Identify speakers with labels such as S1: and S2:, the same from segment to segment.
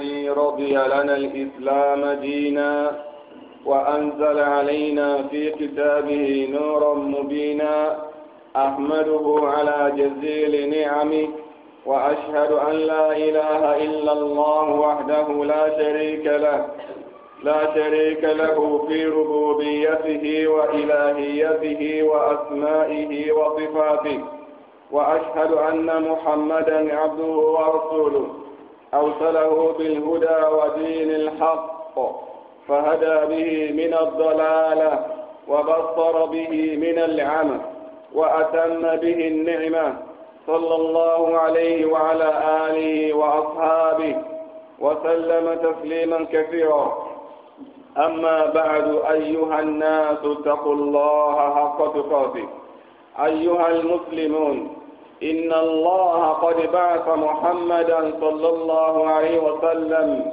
S1: الذي رضي لنا الإسلام دينا وأنزل علينا في كتابه نورا مبينا أحمده على جزيل نعمه وأشهد أن لا إله إلا الله وحده لا شريك له لا شريك له في ربوبيته وإلهيته وأسمائه وصفاته وأشهد أن محمدا عبده ورسوله أرسله بالهدى ودين الحق فهدى به من الضلالة وبصر به من العمى وأتم به النعمة صلى الله عليه وعلى آله وأصحابه وسلم تسليما كثيرا أما بعد أيها الناس اتقوا الله حق تقاته أيها المسلمون إن الله قد بعث محمدا صلى الله عليه وسلم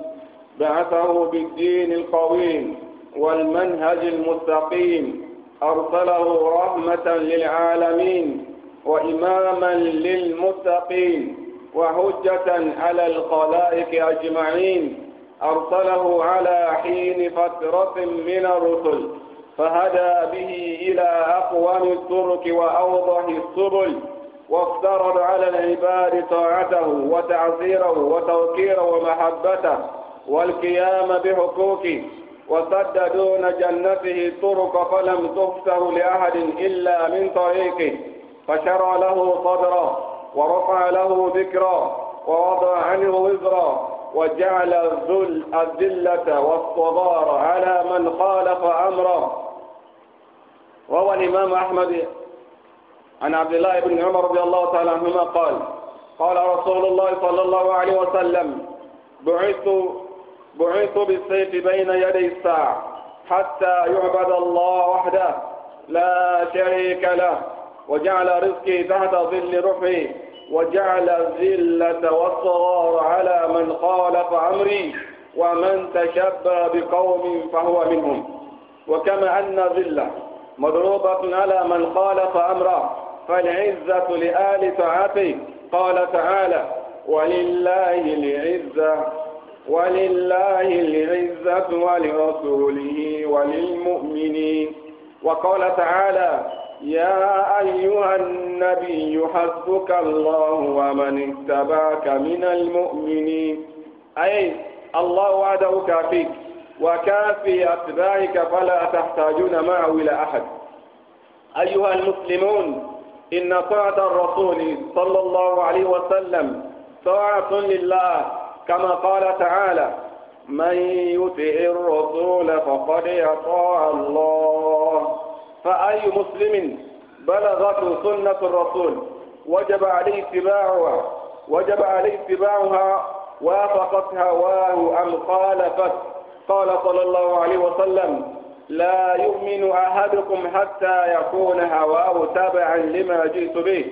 S1: بعثه بالدين القويم والمنهج المستقيم أرسله رحمة للعالمين وإماما للمتقين وحجة على الخلائق أجمعين أرسله على حين فترة من الرسل فهدى به إلى أقوم الطرق وأوضح السبل وافترض على العباد طاعته وتعزيره وتوقيره ومحبته والقيام بحقوقه وسد دون جنته طرق فلم تفته لأحد إلا من طريقه فشرع له صدرا ورفع له ذكرا ووضع عنه وزرا وجعل الذل الذلة والصغار على من خالف أمره روى الإمام أحمد عن عبد الله بن عمر رضي الله تعالى عنهما قال قال رسول الله صلى الله عليه وسلم بعثت بعثت بالسيف بين يدي الساعة حتى يعبد الله وحده لا شريك له وجعل رزقي تحت ظل روحي وجعل الذلة والصغار على من خالف أمري ومن تشبى بقوم فهو منهم وكما أن الذلة مضروبة على من خالف أمره فالعزة لآل طاعته قال تعالى ولله العزة ولله العزة ولرسوله وللمؤمنين وقال تعالى يا أيها النبي حسبك الله ومن اتبعك من المؤمنين أي الله وعده كافيك وكافي أتباعك فلا تحتاجون معه إلى أحد أيها المسلمون إن طاعة الرسول صلى الله عليه وسلم طاعة لله كما قال تعالى من يطع الرسول فقد أطاع الله فأي مسلم بلغته سنة الرسول وجب عليه اتباعها وجب عليه اتباعها وافقت هواه أم خالفت قال صلى الله عليه وسلم لا يؤمن أحدكم حتى يكون هواه تابعا لما جئت به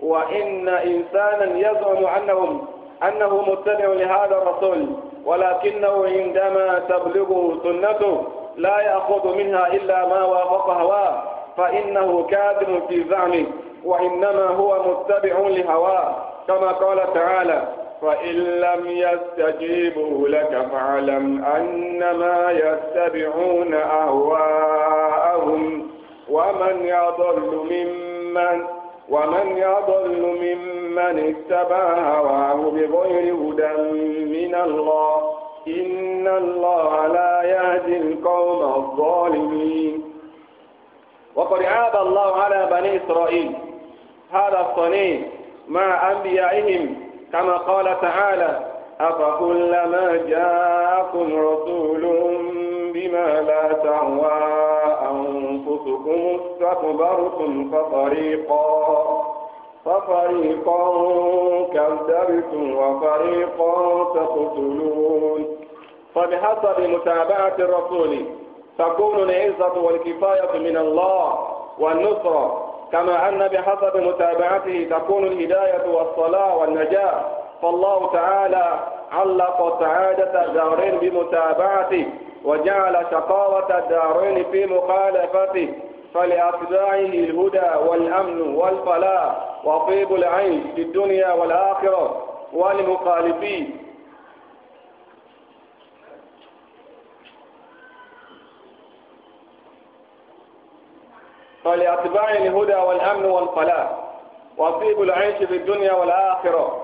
S1: وإن إنسانا يزعم أنهم أنه متبع لهذا الرسول ولكنه عندما تبلغه سنته لا يأخذ منها إلا ما وافق هواه فإنه كاذب في زعمه وإنما هو متبع لهواه كما قال تعالى فإن لم يستجيبوا لك فاعلم أنما يتبعون أهواءهم ومن يضل ممن ومن يضل ممن اتبع هواه بغير هدى من الله إن الله لا يهدي القوم الظالمين وقد عاب الله على بني إسرائيل هذا الصنيع مع أنبيائهم كما قال تعالى أفكلما جاءكم رسول بما لا تهوى أنفسكم استكبرتم ففريقا ففريقا كذبتم وفريقا تقتلون فبحسب متابعة الرسول تكون العزة والكفاية من الله والنصرة كما أن بحسب متابعته تكون الهداية والصلاة والنجاة فالله تعالى علق سعادة الدارين بمتابعته وجعل شقاوة الدارين في مخالفته فلأتباعه الهدى والأمن والفلاح وطيب العيش في الدنيا والآخرة والمخالفين فلأتباع الهدى والأمن والفلاح وصيب العيش في الدنيا والآخرة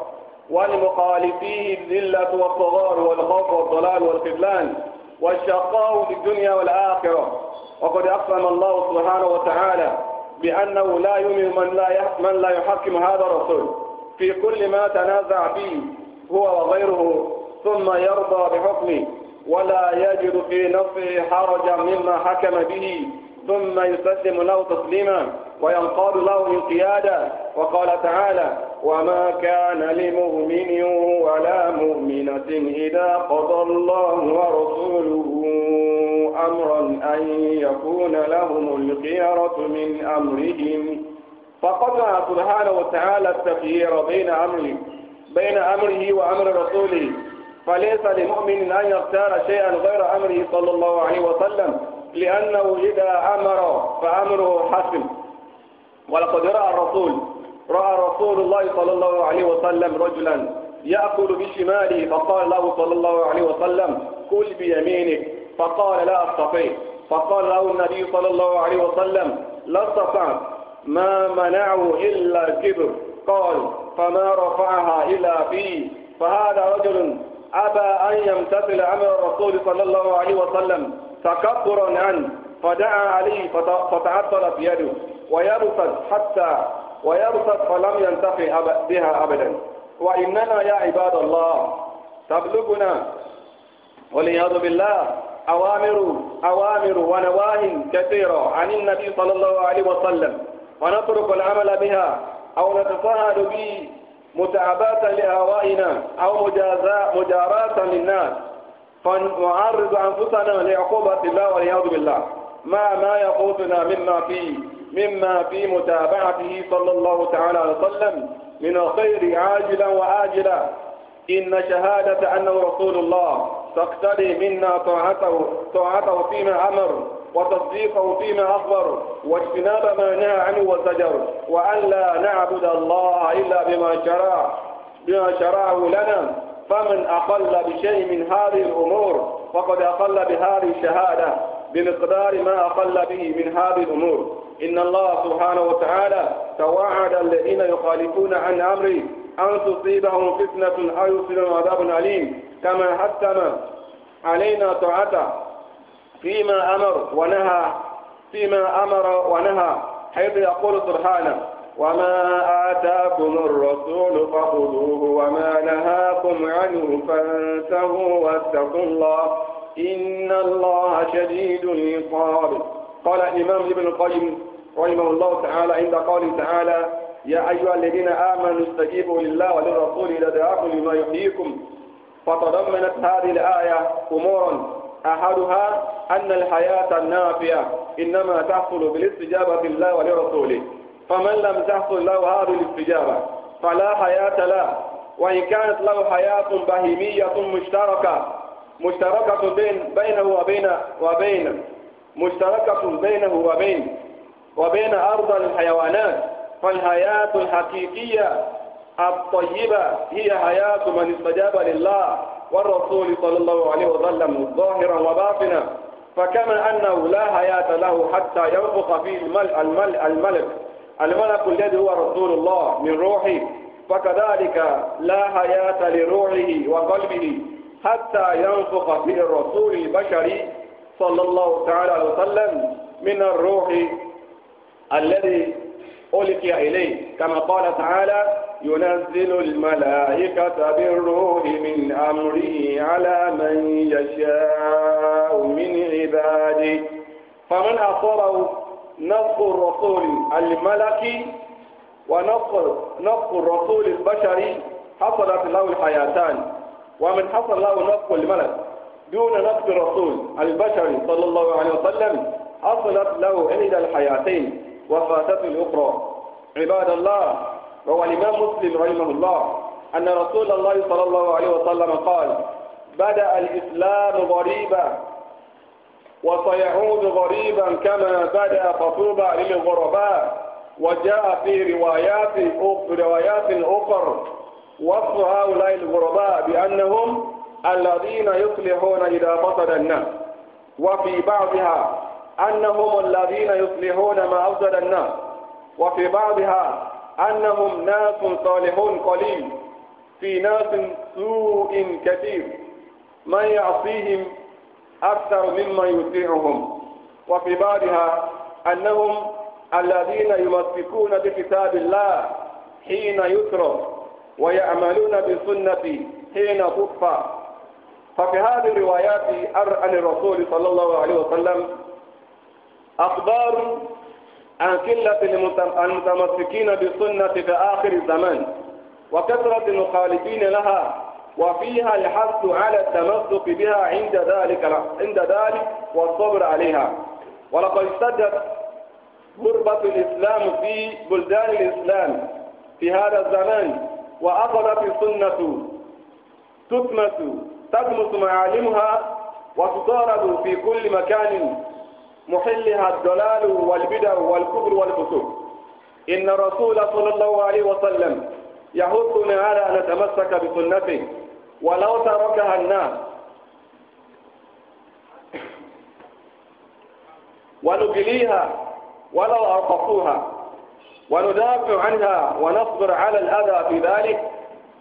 S1: ولمخالفيه الذلة والصغار والخوف والضلال والخذلان والشقاء في الدنيا والآخرة وقد أقسم الله سبحانه وتعالى بأنه لا يؤمن من لا من لا يحكم هذا الرسول في كل ما تنازع فيه هو وغيره ثم يرضى بحكمه ولا يجد في نفسه حرجا مما حكم به ثم يسلم له تسليما وينقاد له انقيادا وقال تعالى وما كان لمؤمن ولا مؤمنة إذا قضى الله ورسوله أمرا أن يكون لهم الخيرة من أمرهم فقطع سبحانه وتعالى التخيير بين أمره بين أمره وأمر رسوله فليس لمؤمن أن يختار شيئا غير أمره صلى الله عليه وسلم لأنه إذا أمر فأمره حسم ولقد رأى الرسول رأى رسول الله صلى الله عليه وسلم رجلا يأكل بشماله فقال له صلى الله عليه وسلم كل بيمينه فقال لا أستطيع فقال له النبي صلى الله عليه وسلم لا استطعت ما منعه إلا الكبر قال فما رفعها إلا فيه فهذا رجل أبى أن يمتثل أمر الرسول صلى الله عليه وسلم تكبرا عنه فدعا عليه فتعطل بيده ويرصد حتى ويرصد فلم ينتفع بها أبدا وإننا يا عباد الله تبلغنا والعياذ بالله أوامر أوامر ونواهي كثيرة عن النبي صلى الله عليه وسلم ونترك العمل بها أو نتساهل به متعباة لأهوائنا أو مجازاة مجاراة للناس فنعرض أنفسنا لعقوبة الله والعياذ بالله ما ما يقودنا مما في مما في متابعته صلى الله تعالى عليه وسلم من الخير عاجلا وآجلا إن شهادة أنه رسول الله تقتضي منا طاعته طاعته فيما أمر وتصديقه فيما أخبر واجتناب ما نهى عنه وزجر وأن لا نعبد الله إلا بما شرع بما شرعه لنا فمن أقل بشيء من هذه الأمور فقد أقل بهذه الشهادة بمقدار ما أقل به من هذه الأمور إن الله سبحانه وتعالى توعد الذين يخالفون عن أمره أن تصيبهم فتنة أو يصيبهم عذاب أليم كما حتم علينا طاعته فيما أمر ونهى فيما أمر ونهى حيث يقول سبحانه وما آتاكم الرسول فخذوه وما نهاكم عنه فانتهوا واتقوا الله إن الله شديد العقاب قال الإمام ابن القيم رحمه الله تعالى عند قوله تعالى يا أيها الذين آمنوا استجيبوا لله وللرسول إذا دعاكم لما يحييكم فتضمنت هذه الآية أمورا أحدها أن الحياة النافية إنما تحصل بالاستجابة لله ولرسوله فمن لم تحصل له هذه الاستجابة فلا حياة له وإن كانت له حياة بهيمية مشتركة مشتركة بين بينه وبين وبين مشتركة بينه وبين وبين أرض الحيوانات فالحياة الحقيقية الطيبة هي حياة من استجاب لله والرسول صلى الله عليه وسلم ظاهرا وباطنا فكما أنه لا حياة له حتى ينفخ فيه الملك الملك الملك الذي هو رسول الله من روحه فكذلك لا حياة لروحه وقلبه حتى ينفخ في الرسول البشري صلى الله تعالى عليه وسلم من الروح الذي ألقي إليه كما قال تعالى ينزل الملائكة بالروح من أمره على من يشاء من عباده فمن أصابه نفخ الرسول الملكي ونفخ نفخ الرسول البشري حصلت له الحياتان ومن حصل له نفخ الملك دون نفخ الرسول البشري صلى الله عليه وسلم حصلت له إحدى الحياتين وفاتته الأخرى عباد الله روى الإمام مسلم رحمه الله أن رسول الله صلى الله عليه وسلم قال بدأ الإسلام غريبا وسيعود غريبا كما بدا فطوبى للغرباء وجاء في روايات روايات أخر وصف هؤلاء الغرباء بأنهم الذين يصلحون إذا فسد الناس وفي بعضها أنهم الذين يصلحون ما أفسد الناس وفي بعضها أنهم ناس صالحون قليل في ناس سوء كثير من يعصيهم أكثر مما يطيعهم وفي بعضها أنهم الذين يمسكون بكتاب الله حين يترك ويعملون بسنة حين تكفى ففي هذه الروايات عن الرسول صلى الله عليه وسلم أخبار عن قلة المتمسكين بسنة في آخر الزمان وكثرة المخالفين لها وفيها الحث على التمسك بها عند ذلك عند ذلك والصبر عليها ولقد اشتدت غربة الإسلام في بلدان الإسلام في هذا الزمان وأخذت السنة تتمس تدمس معالمها وتطارد في كل مكان محلها الضلال والبدع والكفر والفسوق إن الرسول صلى الله عليه وسلم يحثنا على أن نتمسك بسنته ولو تركها الناس
S2: ونبليها
S1: ولو أوقفوها وندافع عنها ونصبر على الأذى في ذلك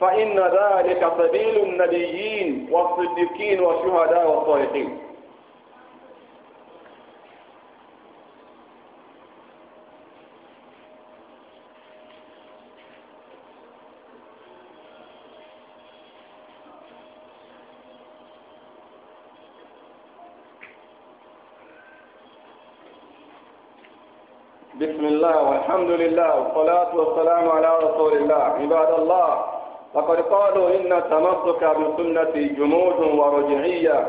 S1: فإن ذلك سبيل النبيين والصديقين والشهداء والصالحين بسم الله والحمد لله والصلاة والسلام على رسول الله عباد الله لقد قالوا إن التمسك بسنة جمود ورجعية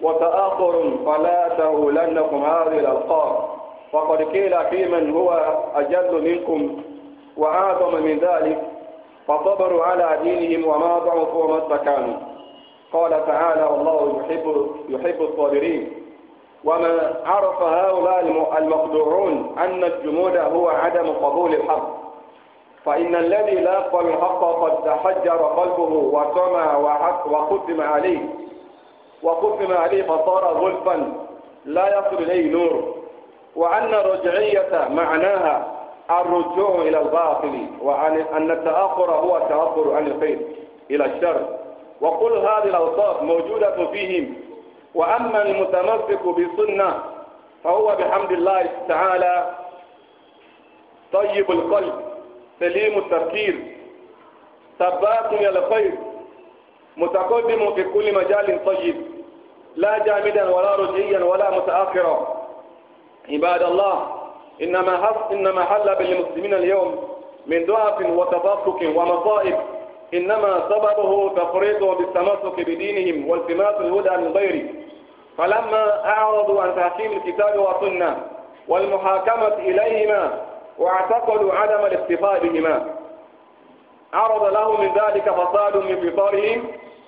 S1: وتآخر فلا تهولنكم هذه الألقاب وقد قيل في من هو أجل منكم وأعظم من ذلك فصبروا على دينهم وما ضعفوا وما استكانوا قال تعالى والله يحب يحب الصابرين ومن عرف هؤلاء المخدوعون أن الجمود هو عدم قبول الحق فإن الذي لاقى الحق قد تحجر قلبه وطمع وختم عليه وختم عليه فصار غلفا لا يصل إليه نور وأن الرجعية معناها الرجوع إلى الباطل وأن أن التأخر هو التأخر عن الخير إلى الشر وكل هذه الأوصاف موجودة فيهم وأما المتمسك بالسنة فهو بحمد الله تعالى طيب القلب سليم التفكير ثبات إلى الخير متقدم في كل مجال طيب لا جامدا ولا رجعيا ولا متأخرا عباد الله إنما حل بالمسلمين اليوم من ضعف وتفكك ومصائب إنما سببه تفريطه بالتمسك بدينهم والتماس الهدى من غيره فلما أعرضوا عن تحكيم الكتاب والسنة والمحاكمة إليهما واعتقدوا عدم الاكتفاء بهما عرض له من ذلك فصاد من فطارهم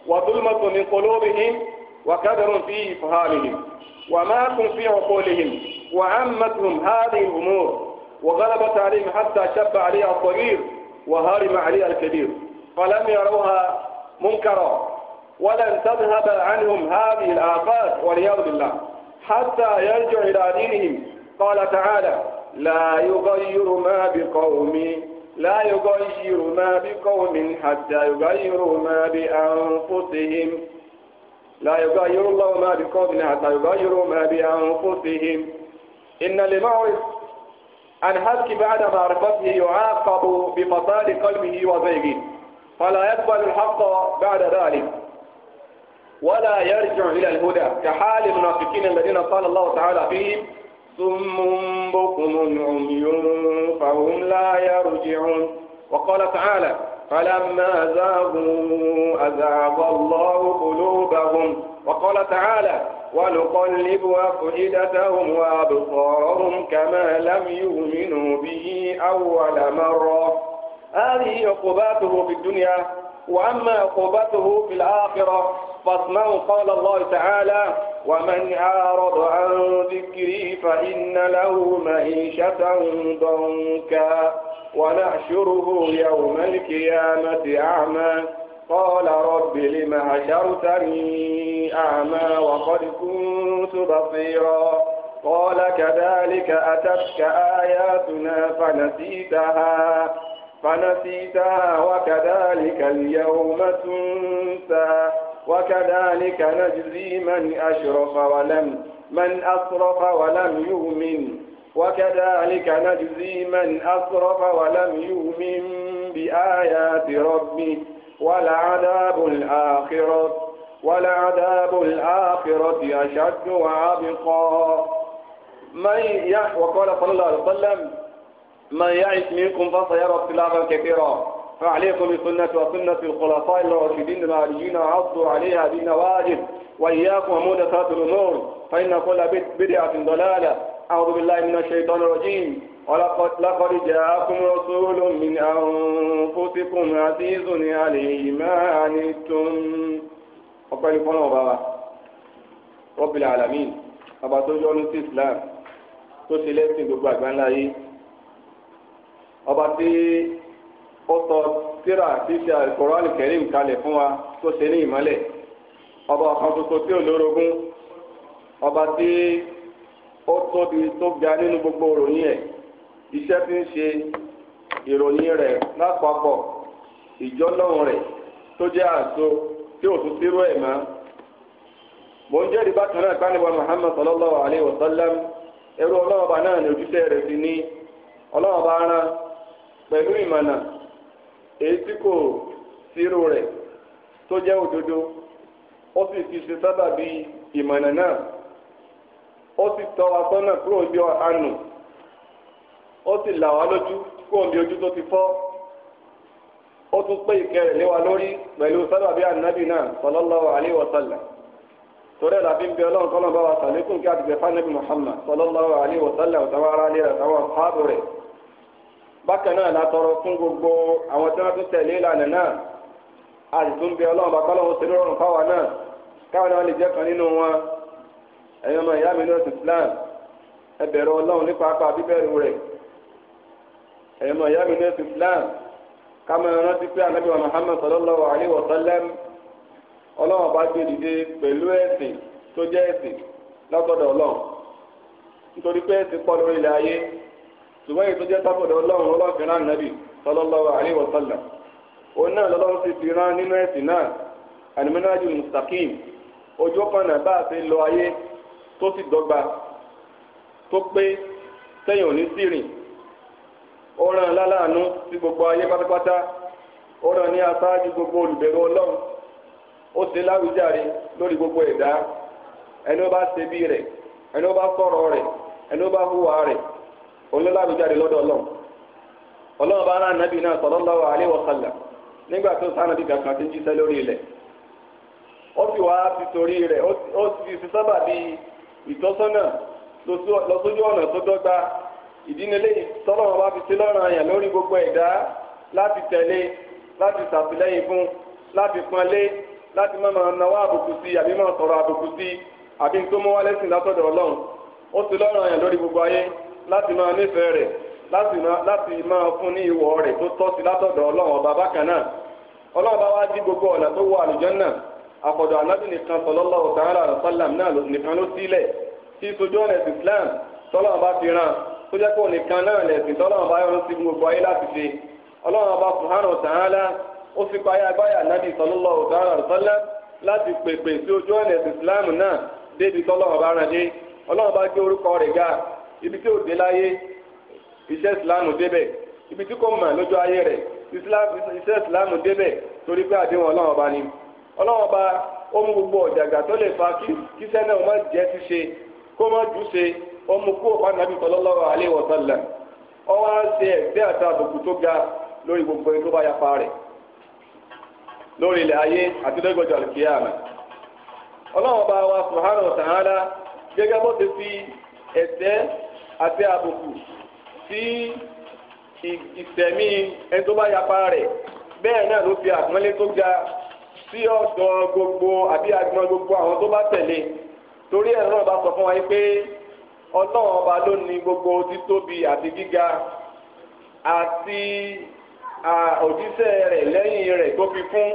S1: وظلمة من قلوبهم وكدر في إفهامهم وماكم في عقولهم وعمتهم هذه الأمور وغلبت عليهم حتى شب عليها الصغير وهرم عليها الكبير فلم يروها منكرا ولن تذهب عنهم هذه الآفات والعياذ بالله حتى يرجع إلى دينهم قال تعالى لا يغير ما بقوم لا يغير ما بقوم حتى يغيروا ما بأنفسهم لا يغير الله ما بقوم حتى يغيروا ما بأنفسهم إن لمعرف أن حكي بعد معرفته يعاقب بفساد قلبه وزيغه فلا يقبل الحق بعد ذلك ولا يرجع إلى الهدى كحال المنافقين الذين قال الله تعالى فيهم ثم بكم عمي فهم لا يرجعون وقال تعالى فلما زاغوا أزاغ الله قلوبهم وقال تعالى ونقلب أفئدتهم وأبصارهم كما لم يؤمنوا به أول مرة هذه عقوباته في الدنيا وأما عقوبته في الآخرة فاسمعوا قال الله تعالى ومن أعرض عن ذكري فإن له معيشة ضنكا ونحشره يوم القيامة أعمى قال رب لم حشرتني أعمى وقد كنت بصيرا قال كذلك أتتك آياتنا فنسيتها فنسيتها وكذلك اليوم تنسى وكذلك نجزي من أشرف ولم من أسرف ولم يؤمن وكذلك نجزي من أسرف ولم يؤمن بآيات ربه ولعذاب الآخرة ولعذاب الآخرة أشد وأبقى من يحوى قال صلى الله عليه وسلم من يعش منكم فسيرى اختلافا كثيرا فعليكم بسنة وسنة الخلفاء الراشدين المهديين عضوا عليها بالنواجذ وإياكم ومحدثات الأمور فإن كل بدعة ضلالة أعوذ بالله من الشيطان الرجيم ولقد جاءكم رسول من أنفسكم عزيز عليه ما عنتم ọpẹ́ ní fọ́nà ọba wa Rabbil Alamin ọba tó yọ́nú sí Islam tó ṣe ọba tí ó sọ tíra títí Al-Qur'an Karim kalẹ̀ fún wa tó ṣe ní ìmọ́lẹ̀ ọba ọ̀kan tuntun tí ò lórogún ọba tí ó tóbi tó ga nínú gbogbo ìròyìn ẹ̀ iṣẹ́ tí ń ṣe ìròyìn rẹ̀ lápapọ̀ ìjọ́lọ́run rẹ̀ tó jẹ́ àṣọ tí ò tún sírú ẹ̀ mọ́. mo ń jẹ́rìí bákan náà pálíwá Muhammad sallallahu alayhi wa sallam ẹrú ọlọ́ọ̀bá náà ní ojúṣe rẹ̀ sí ní ọlọ́ọ̀bá rán pẹ̀lú ìmọ̀nà èyí tí kò sírò rẹ̀ tó jẹ́ òdodo ó sì fi ṣe sábàbí ìmọ̀nà náà ó sì tọ́ wa sọ́nà kúrò bí àánú ó sì là wá lójú kúrò bí ojú tó ti fọ́ ó tún pé ìkẹrẹ̀ lé wa lórí pẹ̀lú sábàbí ànábì náà sallallahu alaihi wa sallam torí ẹ̀la fi ń bẹ ọlọ́run kọ́lọ́n bá wa sàlékún kí a ti bẹ̀ fáńdẹ́bì Muhammad sallallahu alaihi wa sallam ọ̀tàwọn ará lé rẹ̀ àtàwọn àbò rẹ̀. bákan náà látọrọ fún gbogbo àwọn tí wọ́n tún tẹ̀lé ìlànà náà a sì tún bẹ ọlọ́run bàbá ọlọ́run ṣe lórọ̀rùn fáwa náà káwọn náà lè jẹ́ kan nínú wọn ẹ̀yin ọmọ ìyá mi ní ọ̀sìn Islam ẹ nípa apá Muhammad bá gbé dìde tó nítorí pé ṣùgbọ́n èyí tó jẹ́ sábọ̀dọ̀ ọlọ́run ọlọ́gbìn náà nàbì sallallahu alaihi o sallam òun náà lọ́lọ́run sì fi rán nínú ẹ̀sìn náà aliminaju mustaqim ojú ọ̀pọ̀nà bá a ti lọ ayé tó sì dọ́gba tó pé sẹ́yìn òní sí rìn ó ràn láláàánú gbogbo ayé pátápátá ó ràn ní aṣáájú gbogbo olùbẹ̀rù ọlọ́run ó ṣe gbogbo ẹ̀dá ẹni ó bá ṣe bí rẹ̀ ẹni ó bá sọ̀rọ̀ rẹ̀ ẹni ó bá olólàbíjáde lọ́dọ̀ ọlọ́run ọlọ́run bá rán ànábì náà nabi na wa sallam nígbà tó sànàbì kankan ti ń jíṣẹ́ lórí ilẹ̀ ó sì wá ti torí rẹ̀ ó sì fi sábà bí ìtọ́sọ́nà lọ́sójú ọ̀nà tó dọ́gba ìdínilé bá fi sí lọ́rùn àyàn lórí gbogbo ẹ̀dá láti tẹ̀lé láti ṣàtìlẹ́yìn fún láti pọ́nlé láti má máa nawọ́ àbùkù sí àbí máa sọ̀rọ̀ gbogbo ayé láti máa nífẹ̀ẹ́ rẹ̀ láti máa fún ní ìwọ̀ rẹ̀ tó tọ́ sí látọ̀dọ̀ ọlọ́run ọba ọlọ́run bá wá dí gbogbo ọ̀nà tó wọ àlùjànnà nìkan náà nìkan ló sílẹ̀ tí sojú ọ̀nà ẹ̀sìn Islam tọ́lọ́run bá fi ràn tó jẹ́ nìkan náà lẹ̀sìn tọ́lọ́run bá yọrọ sí gbogbo ibi tí ò dé láyé iṣẹ́ ìsìláàmù débẹ̀ ibi tí kò mọ̀ lójú ayé rẹ̀ iṣẹ́ ìsìláàmù débẹ̀ torí pé àdéhùn ọlọ́run ọba ni ọlọ́run ọba ó mú gbogbo ọ̀jàgà tó lè fa kíṣẹ́ náà má jẹ́ ṣíṣe kó má jù ṣe ó mú kú ọ̀pá nàbí ga lórí gbogbo ẹni tó bá yapa rẹ̀ ayé àti ọlọ́run àti àbùkù sí ìtẹ̀mí ẹni tó bá yapa rẹ̀ bẹ́ẹ̀ náà ló fi àpọ́nlé tó ga sí ọ̀dọ̀ gbogbo àbí agbọn gbogbo àwọn tó bá tẹ̀lé torí ẹ̀ náà bá sọ fún wa pé ọlọ́run ọba ló ní gbogbo títóbi àti gíga àti òjíṣẹ́ rẹ̀ lẹ́yìn rẹ̀ tó fi fún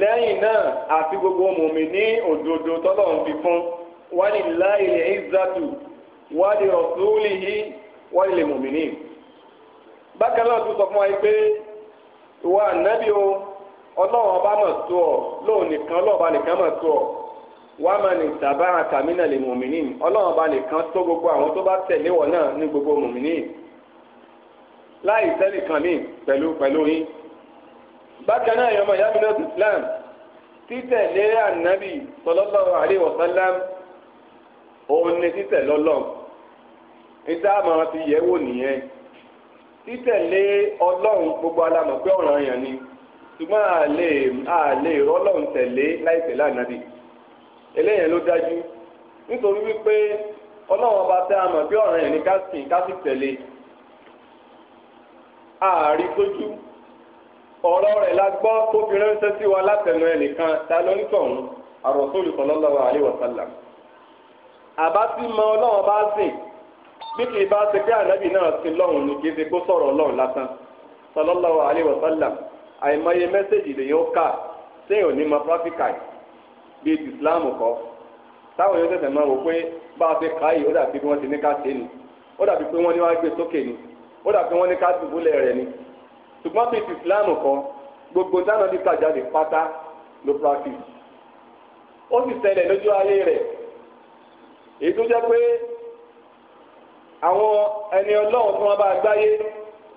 S1: lẹ́yìn náà àti gbogbo mùmí ní òdodo tọ́lọ́run fi fún wálé láì ẹ̀ wali rasulihi wali lil bákan náà tún sọ fún wa pé ìwà ànábì o ọlọ́run ọba mọ̀ ọ lóun nìkan ọlọ́run ọba nìkan tó ọ máa ní ọba nìkan tó gbogbo àwọn tó bá tẹ̀lé wọ̀ náà ní gbogbo mu'minin láì sẹ́lì kan mí pẹ̀lú pẹ̀lú yín. bákan òun ni títẹ̀ lọ́lọ́n níta máa ti yẹ̀ wò nìyẹn títẹ̀lé ọlọ́run gbogbo alamọ̀ pé ọ̀ràn yẹn ni ṣùgbọ́n a lè a lè rọ́lọ́run tẹ̀lé láìpẹ́ lánàbì eléyẹn ló dájú nítorí wípé ọlọ́run ọba tá a pé ọ̀ràn yẹn ni ká sìn tẹ̀lé ààrí tójú ọ̀rọ̀ rẹ̀ la gbọ́ fi ránṣẹ́ sí àbá tí mọ ọlọ́run bá sìn bí kì í bá ṣe pé ànábì náà sin lọ́run ni kì í ṣe kó sọ̀rọ̀ ọlọ́run lásán sallallahu alaihi wasallam àìmọye mẹ́sẹ̀gì lèyìn ó kà séèyàn ní mọ pírátíkà bíi ti islam kọ́ táwọn yóò tẹ̀sẹ̀ máa wò pé bá a ṣe kà yìí ó dàbí pé wọ́n ti ní ká ṣe ni ó dàbí pé wọ́n ní wá gbé sókè ni ó dàbí pé wọ́n ní ká dùbúlẹ̀ rẹ̀ ni ṣùgbọ́n bíi ti islam kọ́ gbogbo dáná bí tàjáde pátá ló practice ó sì ṣẹlẹ̀ lójú ayé rẹ̀ èyí tó jẹ́ pé àwọn ẹni ọlọ́run tí wọ́n bá gbáyé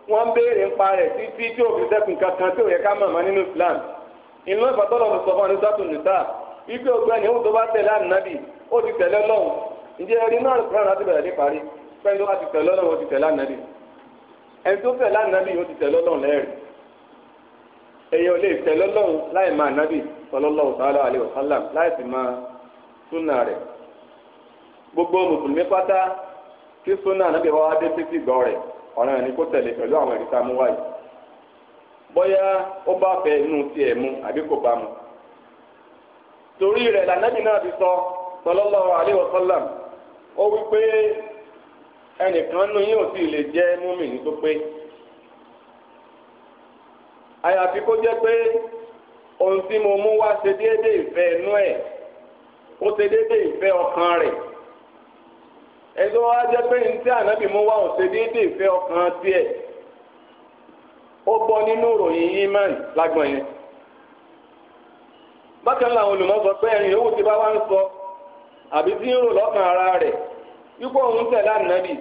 S1: wọ́n ń béèrè ń pa rẹ̀ títí tí òfin sẹ́kùn kankan tí ò yẹ ká mọ̀ mọ́ nínú Islam ìlú ìfọ̀tọ́lọ̀ ló sọ fún nìta ibi ògbẹ́ni tó bá tẹ̀lé ànábì ó ti tẹ̀lé ọlọ́run ẹni náà kúrò láti bẹ̀rẹ̀ ní parí pẹ́ẹ́ni tó bá ti tẹ̀lé ọlọ́run ó ti tẹ̀lé ànábì ẹni tó tẹ̀lé ànábì ó ti tẹ̀lé gbogbo musulmi pátá tí súnà níbi wá dé títí gbọ́ rẹ̀ ọ̀ràn kó tẹ̀lé pẹ̀lú àwọn ẹ̀rí tá a mú ó bá fẹ́ inú àbí kò mu torí rẹ̀ lànàbì náà ti sọ ó wí pé ẹnìkan nù yín ò sì lè jẹ́ múmìnì àyàfi kó pé ohun tí mo mú wá ṣe déédéé ìfẹ́ inú ẹ̀ ó ṣe déédéé ìfẹ́ ọkàn rẹ̀. ẹjọ́ wa jẹ́ pé ní tí ànábì mú wá òṣè déédéé ìfẹ́ ọkàn tiẹ̀ ó bọ́ nínú ìròyìn imán lágbọ̀n yẹn bákan náà olùmọ̀ sọ pé ẹ̀yìn owó ti bá wá ń sọ àbí tí ń rò lọ́kàn ara rẹ̀ wípé òun tẹ̀lé ànábì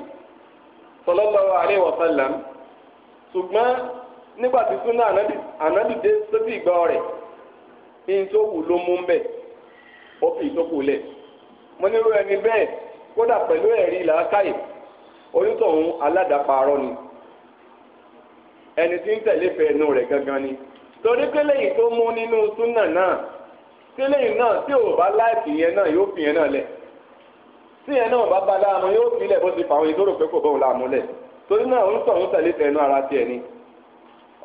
S1: sallallahu alaihi wasallam ṣùgbọ́n nígbà tí súnà ànábì dé sóbì ìgbà rẹ̀ ní tó wù ló mú ń ó fi ìtókù lẹ̀ mo nírú kódà pẹ̀lú ẹ̀rí làákàyè onítọ̀hún aládàpárọ́ ni ẹni tí ń tẹ̀lé fẹ́ ẹnu rẹ̀ gangan ni torí pé lẹ́yìn tó mú nínú súnà náà tí lẹ́yìn náà tí ò bá láìpì yẹn náà yóò fi yẹn náà lẹ̀ tí yẹn náà bá bá láàmú yóò fi lẹ̀ bó ti fà àwọn ìdóró pé kò bóun láàmú lẹ̀ torí náà onítọ̀hún tẹ̀lé fẹ́ ẹnu ara tiẹ̀ ni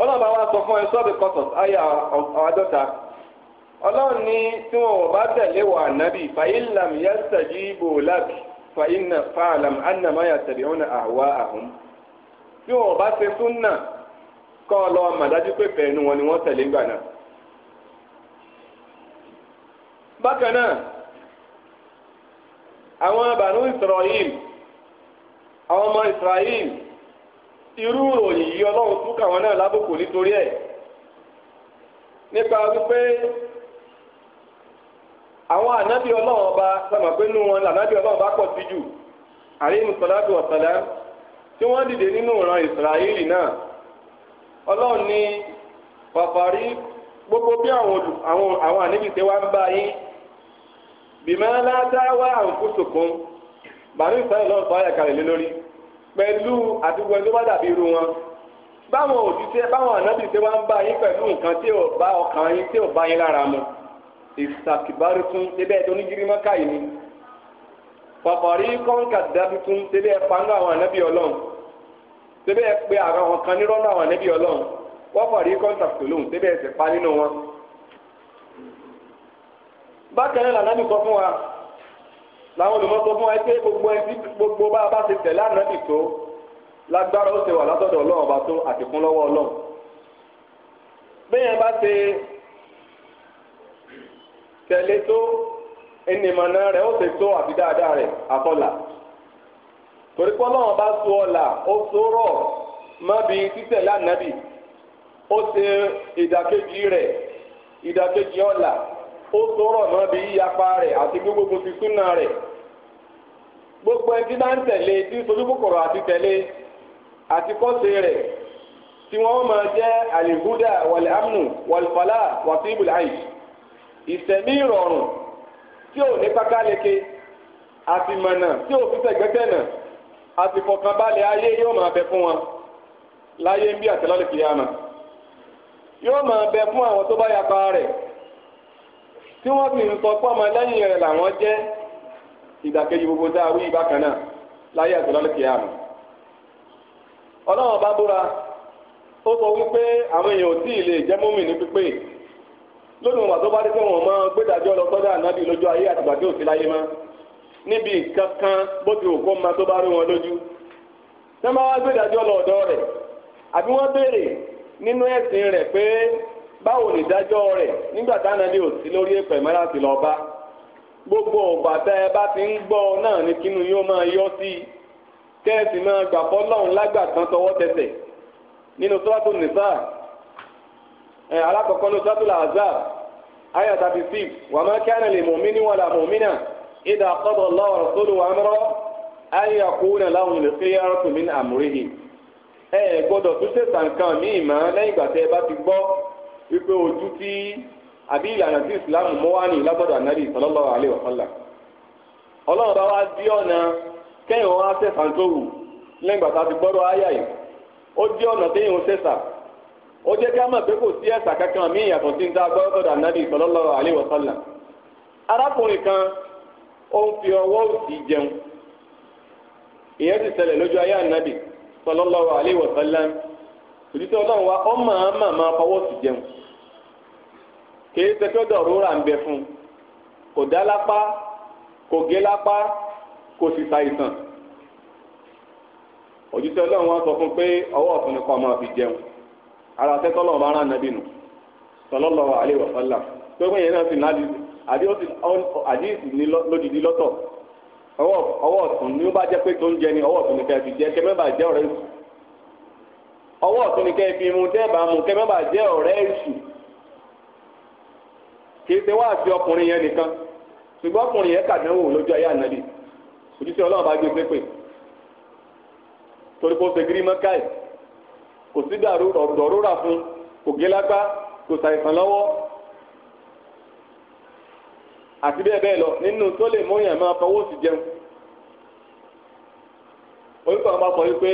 S1: ọlọ́ọ̀bá wa sọ fún ẹ sọ́ọ̀bì kọ́sọ̀t ayé àádọ́ta tí wọn ò bá tẹ̀lé wà nábì fàyílàm lábì fa inna fa'alam anna ma yattabi'una ahwa'ahum bí wọn bá ṣe súnà kọ́ ọ lọ mà dájú pé fẹ́ẹ́ wọn ni wọn tẹ̀lé gbà náà. bákan náà àwọn Banu Isra'il àwọn ọmọ Isra'il irú ìròyìn yìí ọlọ́run túkà wọn náà lábùkù nítorí ẹ̀ nípa wípé. àwọn ànábì ọlọ́run ọba sọmọ pé nínú wọn lànábì ọlọ́run ọba pọ̀ sí jù àríyìn sọlátù ọ̀sọ̀lá tí wọ́n dìde nínú ìran ìsìráyìlì náà ọlọ́run ní fàfàrí gbogbo bí àwọn àwọn ànábì ṣe wá ń bá yín bìmọ́ ládáwà àǹkóṣokùn bàánú ìsọ̀rọ̀ lọ́run sọ ayàkàlẹ̀ lé lórí pẹ̀lú àdúgbò ẹni tó bá dàbí irú wọn báwọn òṣìṣẹ́ báwọn ànábì ṣe wá ń bá yín pẹ̀lú nǹkan tí ò bá ọkàn yín tí ò bá yín lára mu ìsàkìbárìtún débẹ̀ tó ní gírímọ́ káyìí ni fàfọ̀rí kọ́ńkà dábìtún débẹ̀ panú àwọn ànábì ọlọ́run débẹ̀ pé àwọn kan nírọ́nù àwọn ànábì ọlọ́run wọ́n fọ̀rí kọ́ńkà tòlóhùn débẹ̀ ẹ̀sẹ̀ pa nínú wọn. bákan náà lànàbì sọ fún wa làwọn olùmọ̀ sọ fún wa pé gbogbo ẹbí gbogbo bá a bá ti tẹ̀lé ànábì tó lágbára ó ti wà látọ̀dọ̀ ọlọ́run ọba tó àtìkún lọ́wọ́ ọlọ́run. bẹ́ẹ̀ yẹn bá ṣe tẹ̀lé tó ẹnìmọ̀nà rẹ̀ ó sì tó àbí dáadáa rẹ̀ àfọlà torí pé ọlọ́run bá so ọ̀là ó sọ̀rọ̀ mọ́bi títẹ̀lé ànábì ó ṣe ìdàkejì rẹ̀ ìdàkejì ọ̀là ó sọ̀rọ̀ mọ́bi yíyapa rẹ̀ àti gbogbo ti súnà rẹ̀ gbogbo ẹni tí bá ń tẹ̀lé tí sojú àti tẹ̀lé àti kọ́sẹ̀ rẹ̀ tí wọ́n máa jẹ́ àlèhúdà wàlẹ̀ amnu wàlẹ̀ ìsẹ̀mí ìrọ̀rùn tí ò ní pákáleke àti mọ̀nà tí ò fi tẹ̀gbẹ́tẹ̀nà àti fọkànbalẹ̀ ayé yóò máa bẹ fún wọn láyé ń bí àtẹlálẹ̀ kìyàmà yóò máa bẹ fún àwọn tó bá yapa rẹ̀ tí wọ́n sì ń sọ pé ọmọ lẹ́yìn rẹ̀ làwọn jẹ́ ìdàkejì gbogbo wí bákan náà láyé lónìí wọn tó bá dé pé wọn mọ gbẹdàjọ lọ sọ́dọ̀ ànábì lójú ayé àtìgbà tí ò sí láyé mọ́ níbi nǹkan kan bó ti òkú ọmọ tó bá rí wọn lójú tí wọn bá wá gbẹdàjọ lọ ọ̀dọ̀ rẹ̀ àbí wọn béèrè nínú ẹ̀sìn rẹ̀ pé báwo nìdájọ́ rẹ̀ nígbà tánàbí ò sí lórí èpè mẹ́ra sí lọ bá gbogbo ọ̀gbà tẹ́ ẹ bá ti ń gbọ́ náà ni kínú yóò máa yọ sí i kẹ́ẹ̀sì máa gbà fọ́lọ́run lágbà tọwọ́ tẹsẹ̀ nínú sọ́tò nìsáà ẹ̀ alákọ̀ọ́kọ́ ní sátúlà azab ayah thirty six wà ma kana lil mu'mini wala mu'minati idha qada Allahu wa rasuluhu amran an yakuna lahumul khiyaratu min amrihim ẹ gbọ́dọ̀ tún ṣètà nǹkan ìgbà ẹ bá ti wípé ojú tí àbí ìlànà tí wá ní ànábì ọlọ́run bá wá ọ̀nà kẹ́yìn ó jẹ́ ká mọ̀ pé kò sí ẹ̀sà kankan mí ìyàtọ̀ tí ń dá gbọ́dọ̀ ànábì sallallahu kan ó ń fi ọwọ́ òsì jẹun ìyẹn ti ṣẹlẹ̀ lójú ayé ànábì sallallahu alaihi òtítọ́ ọlọ́run wa ó mọ̀ án si jeun. òsì jẹun kì í ṣe pé dọ̀rọ̀ rà ń bẹ fún un kò dá lápá kò gé lápá kò sì ṣàìsàn òtítọ́ ọlọ́run wa sọ fún ara tẹ́tọ́lọ̀ bá rán nàbí nù sallallahu alaihi wa sallam tó gbé yẹn náà sì náà àdíyèsí lódìdí lọ́tọ̀ ọwọ́ ọ̀tún ni ó bá jẹ́ pé tó ń ni ọwọ́ ọ̀tún ni kẹ́ẹ̀ jẹ kẹ́ẹ̀ mẹ́bàá jẹ́ ọ̀rẹ́ èṣù ọwọ́ ọ̀tún ni mu dẹ́ẹ̀bà mu kẹ́ẹ̀ mẹ́bàá jẹ́ ọ̀rẹ́ kì í ṣe wá ọkùnrin yẹn nìkan ṣùgbọ́n ọkùnrin yẹn kàdánwò lójú ayé ànábì ọlọ́run bá kò sí dàrú ọ̀dọ̀rúra fún kò gé lápá kò ṣàìsàn lọ́wọ́ àti bẹ́ẹ̀ bẹ́ẹ̀ lọ nínú tó lè mú yàn máa fọwọ́ sí jẹun orúkọ àwọn máa sọ wípé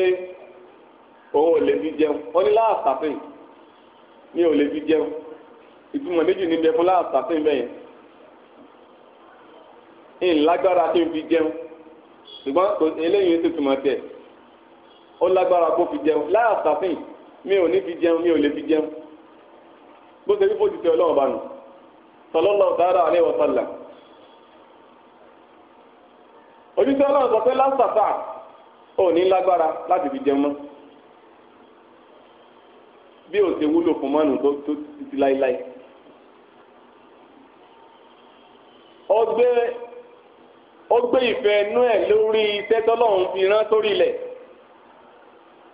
S1: òun ò lè fi jẹun ó ní láàsàfin ní ò lè fi jẹun ìtumọ̀ méjì níbẹ̀ fún láàsàfin bẹ́ẹ̀ yẹn tó fi jẹun ṣùgbọ́n eléyìí ti túmọ̀ tiẹ̀. ó lágbára kó fi jẹun mi ò ní fi mi ò lè fi jẹun bó ṣe fífò ti tẹ ọlọ́run bá nù sallallahu ta'ala alaihi wa ojúṣe ọlọ́run sọ pé ní lágbára láti fi jẹun bí o ṣe wúlò fún tó láéláé. gbé ìfẹ́ inú ẹ̀ lórí sórí ilẹ̀.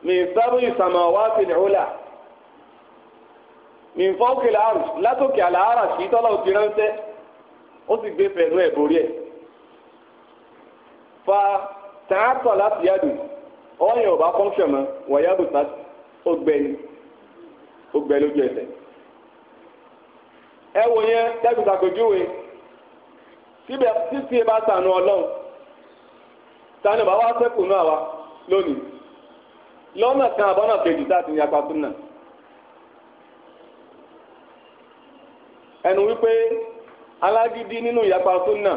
S1: min sábì samawati al-ula min fawqi al-arsh látòkè àlàárà sí tọ́lá òtí ránṣẹ́ ó sì gbé fẹ̀rù ẹ̀ borí ẹ̀ fa tààtọ̀ láti yàdù ọ̀yìn ọ̀bá fọ́nṣẹ̀ mọ́ wọ̀nyàbù tá ó gbẹ ni ó gbẹ lójú ẹsẹ̀ ẹ wò yẹn dẹ́gbẹ̀ta pèjúwe síbẹ̀ títí ẹ bá sànù ọlọ́run sànù bàbá sẹ́kù náà wa lónìí. lọ́nà kan àbọ́nà kejì tá a ti súnà. ẹnu wípé alágídí nínú ìyapa súnà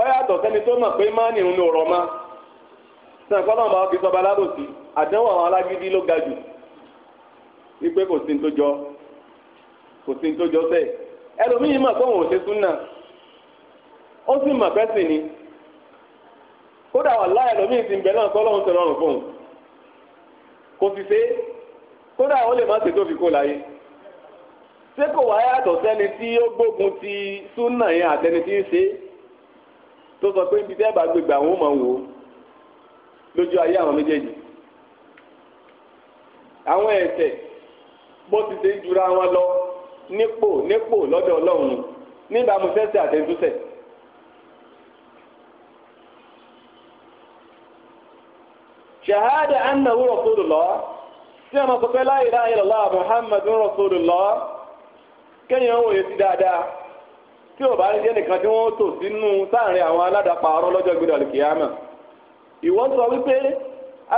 S1: ọ yàtọ̀ sẹ́ni tó pé má ní ọ̀rọ̀ ma sàn kọ́ lọ́nà bá fi sọba alábòsí àwọn alágídí ló ga jù wípé kò sí ní tó jọ kò sí ní tó jọ ẹlòmíì mọ̀ pé òun ò ṣe súnà ó sì mọ̀ ni kódà wà láyà náà kọ́ kò fi ṣe kódà ó lè má ṣe tó fi kó láyé ṣé kò wá yàtọ̀ sẹ́ni tí ó gbógun ti súnà yẹn àtẹni tí ń ṣe tó sọ pé ibi tẹ́ bá gbégbé àwọn ò máa wò ó lójú ayé àwọn méjèèjì àwọn ẹ̀ṣẹ̀ bó ti ṣe ń jura wọn lọ nípò nípò lọ́dọ̀ Ọlọ́run níbàámu sẹ́ṣẹ̀ àtẹ̀túnṣẹ̀ shahada annahu rasulullah tí a máa sọ pé la muhammadun rasulullah kéèyàn ń wòye sí dáadáa tí ò bá rí jẹ́ nìkan tí wọ́n tò sínú sáàrin àwọn aládàpàárọ̀ lọ́jọ́ gbé dàlù kìámà ìwọ sọ wípé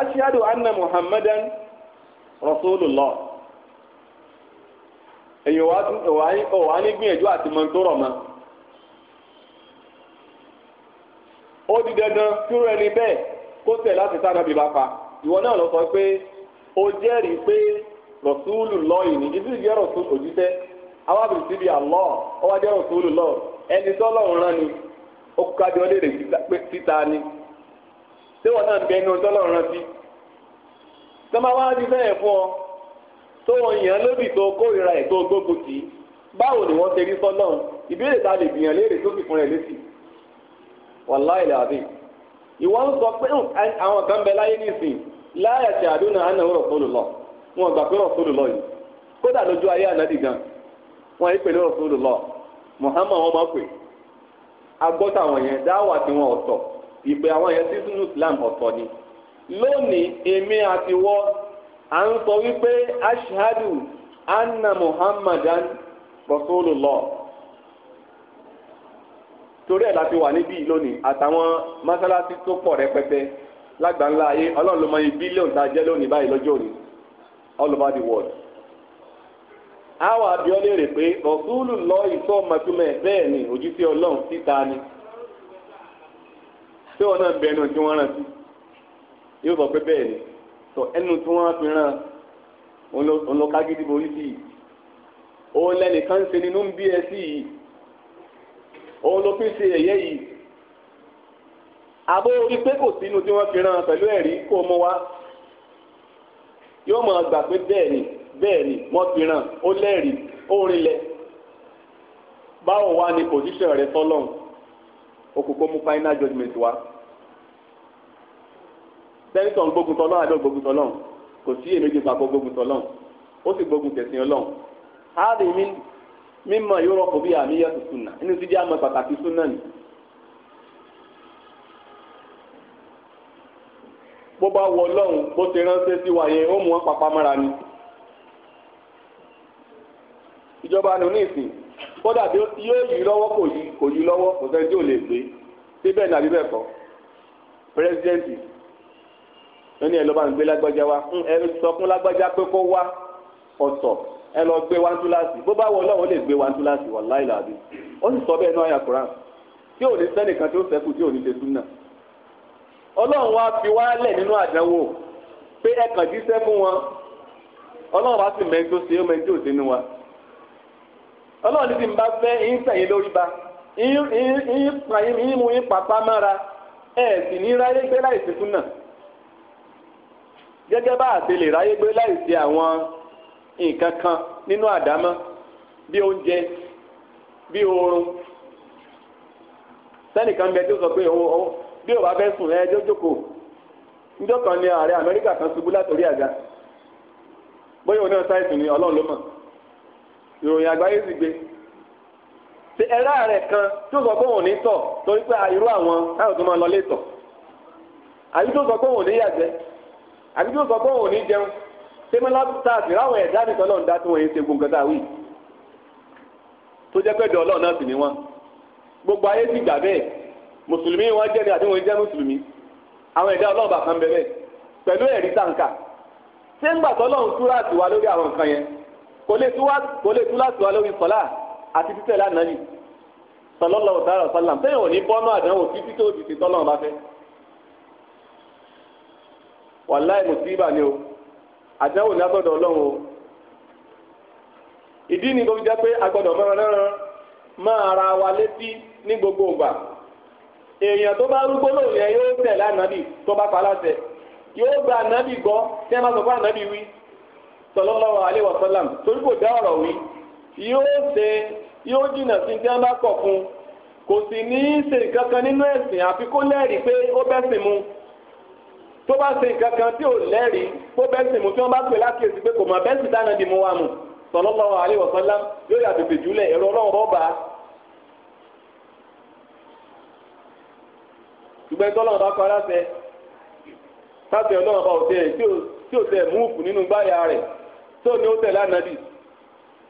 S1: ashhadu anna muhammadan rasulullah èyàn wà ní gbìyànjú àti kó tẹ̀ láti sára bíbá pa ìwọ náà lọ sọ pé o jẹ́rìí pé rọ̀súlù lọ ìní ibi jẹ́ rọ̀súlù òjíṣẹ́ awábìrì síbi àlọ́ ọwọ́ jẹ́ lọ ẹni tọ́lọ́run rán ni ó kú kájọ léèrè síta ni ṣé wọn náà ń bẹ rán sí ti fẹ́ẹ̀ fún ọ wọn yàn lóbì tó kórìíra ẹ̀ tó gbógun tì í ni wọ́n ṣe rí ìbéèrè ta lè gbìyànjú ìwọ ń sọ pé àwọn kan bẹ láyé nísìn láyà ṣe àdúnà ànáwó Rasulullah wọn gbà pé yìí kódà lójú ayé ànádì gan wọn yìí pè ní Muhammad wọn máa pè agbọ́tà àwọn yẹn dáwà tí wọn ọ̀tọ̀ ìpè Islam ọ̀tọ̀ ni lónìí èmi àti à ń sọ anna Muhammadan torí ẹ̀ la ti wà níbí yìí lónìí àtàwọn mọ́sálásí tó pọ̀ rẹpẹtẹ lágbàńlá ayé ọlọ́run ló mọ iye bílíọ̀nù tá a jẹ́ lónìí báyìí lọ́jọ́ òní all over the world. àwọn abiyọ́ léèrè pé rọ̀súlù lọ ìsọ mọ̀túmẹ̀ bẹ́ẹ̀ ni òjíṣẹ́ ọlọ́run síta ni tí wọn náà bẹnu tí wọ́n rántí yóò sọ pé bẹ́ẹ̀ ni tọ ẹnu tí wọ́n fi ràn òun lọ ká gidi borí sí i òun lẹnìkan ń ṣe nínú bí ẹ sí yìí òun ló fi ṣe ẹ̀yẹ yìí àbó orí pé kò sínú tí wọ́n fi ràn pẹ̀lú ẹ̀rí kó mú wá yóò máa gbà pé bẹ́ẹ̀ ni bẹ́ẹ̀ ni wọ́n fi ràn ó lẹ́rìí ó rinlẹ̀ báwo wá ni pòsíṣàn rẹ tọ́lọ́hún òkùnkùn mú final judgement wá sẹ́ńtọ̀ gbógun tọ́lọ́hún àbẹ́ ògbógun tọ́lọ́hún kò sí èméjì papọ̀ gbógun tọ́lọ́hún ó sì gbógun tẹ̀sìn ọlọ́hún mímọ yúrọpù bíi àmìyẹtù súnà inú ti jẹ àmọ́ pàtàkì súnà ni. bó bá wọ lọ́hùn bó ti ránṣẹ́ sí wa yẹn ó mú wọn papá mọ́ra ni. ìjọba nù ní ìsìn kódà yóò yí lọ́wọ́ kò yí kò yí lọ́wọ́ kò sẹ́ni tí ò lè gbé síbẹ̀ nàbí bẹ́ẹ̀ kọ́ pírẹsidẹ́ǹtì lónìí ẹ̀ lọ́ba ń lágbájá wa ẹ sọ fún lágbájá pé kó wá ọ̀tọ̀. ẹ lọ gbé wá túláàsì bó bá wọ Ọlọ́run lè gbé wá túláàsì wà láìláàbí ó sì sọ bẹ́ẹ̀ náà ya koran tí ò ní sẹ́nìkan tí ó sẹ́kù tí ò ní ṣe súnà Ọlọ́run fi wá lẹ̀ nínú àdánwò pé ẹ kàn wọn Ọlọ́run sì ṣe ṣe nínú wa Ọlọ́run ti ń bá fẹ́ lórí ba mú yín mára ẹ̀ sì ní bá ráyé àwọn. nǹkan kan nínú àdámọ́ bí oúnjẹ bí oorun sẹ́nìkan bẹ tí ó sọ pé owó bí òwà fẹ́ sùn ẹjọ́ jókòó níjọ́ kan ní ààrẹ Amẹ́ríkà kan ṣubú látòrí àga bóyá òun náà sáyẹ̀sì ni Ọlọ́run ló mọ̀ ìròyìn àgbáyé sì gbé ṣe ẹ̀rá rẹ̀ kan tí ó sọ pé òun ní tọ̀ torí pé irú àwọn táwọn tó máa lọ tọ̀ àbí tó sọ pé òun ní yàgbẹ́ àbí tó sọ pé òun ní jẹun tẹmẹlá tá a fi ráwọn ẹ̀dá nìkan lọ́n dá tí wọ́n yẹn ṣe gun kẹta wí tó jẹ́ pé dọ̀ọ́lọ́ náà sì ni wọ́n gbogbo ayé ti gbà bẹ́ẹ̀ mùsùlùmí wọn jẹ́ ni àti wọn jẹ́ mùsùlùmí àwọn ẹ̀dá ọlọ́ọ̀bà kan bẹ bẹ́ẹ̀ pẹ̀lú ẹ̀rí tàǹkà ṣé ń gbà tọ́lọ́run tú láti wá lórí àwọn nǹkan yẹn kò lè tú láti wá lórí sọ́lá àti títẹ̀ lánàá yìí sọlọ́lọ́ ọ̀tàrà sálàm sẹ́yìn òní bọ́nú àdánwò títí tó ti ti tọ́lọ́run bá fẹ́ wàláì mùsíbà ni o àdáwò látọ̀dọ̀ ọlọ́run ìdí ni tó fi jẹ́ pé a gbọ́dọ̀ máa rán máa ara wa létí ní gbogbo ìgbà èèyàn tó bá rúgbó lòun yẹn yóò tẹ̀ lánàbì tó bá paláṣẹ yóò gba ànábì gbọ́ tí wọ́n bá sọ fún ànábì wí sallallahu alaihi wasallam torí kò dá ọ̀rọ̀ wí yóò ṣe yóò jìnnà sí tí wọ́n bá kọ̀ fún kò sì ní í ṣe nǹkan kan nínú ẹ̀sìn àfi kó pé ó bẹ́sìn mu tó bá ṣe nǹkan kan tí ò lẹ́rìí kó bẹ́sì mu tí wọ́n bá pè lákèsí pé kò mọ bẹ́sì dáná di mu wa mu sallallahu alaihi wasallam yóò yà tètè jùlẹ̀ ẹ̀rọ ọlọ́run rọ́ọ̀bà. ṣùgbọ́n tọ́lọ́run bá kọ́ aláṣẹ sáṣẹ ọlọ́run bá òtẹ́ rẹ̀ tí ò tẹ̀ múùfù nínú gbáyà rẹ̀ tó ní ó tẹ̀ lánàbì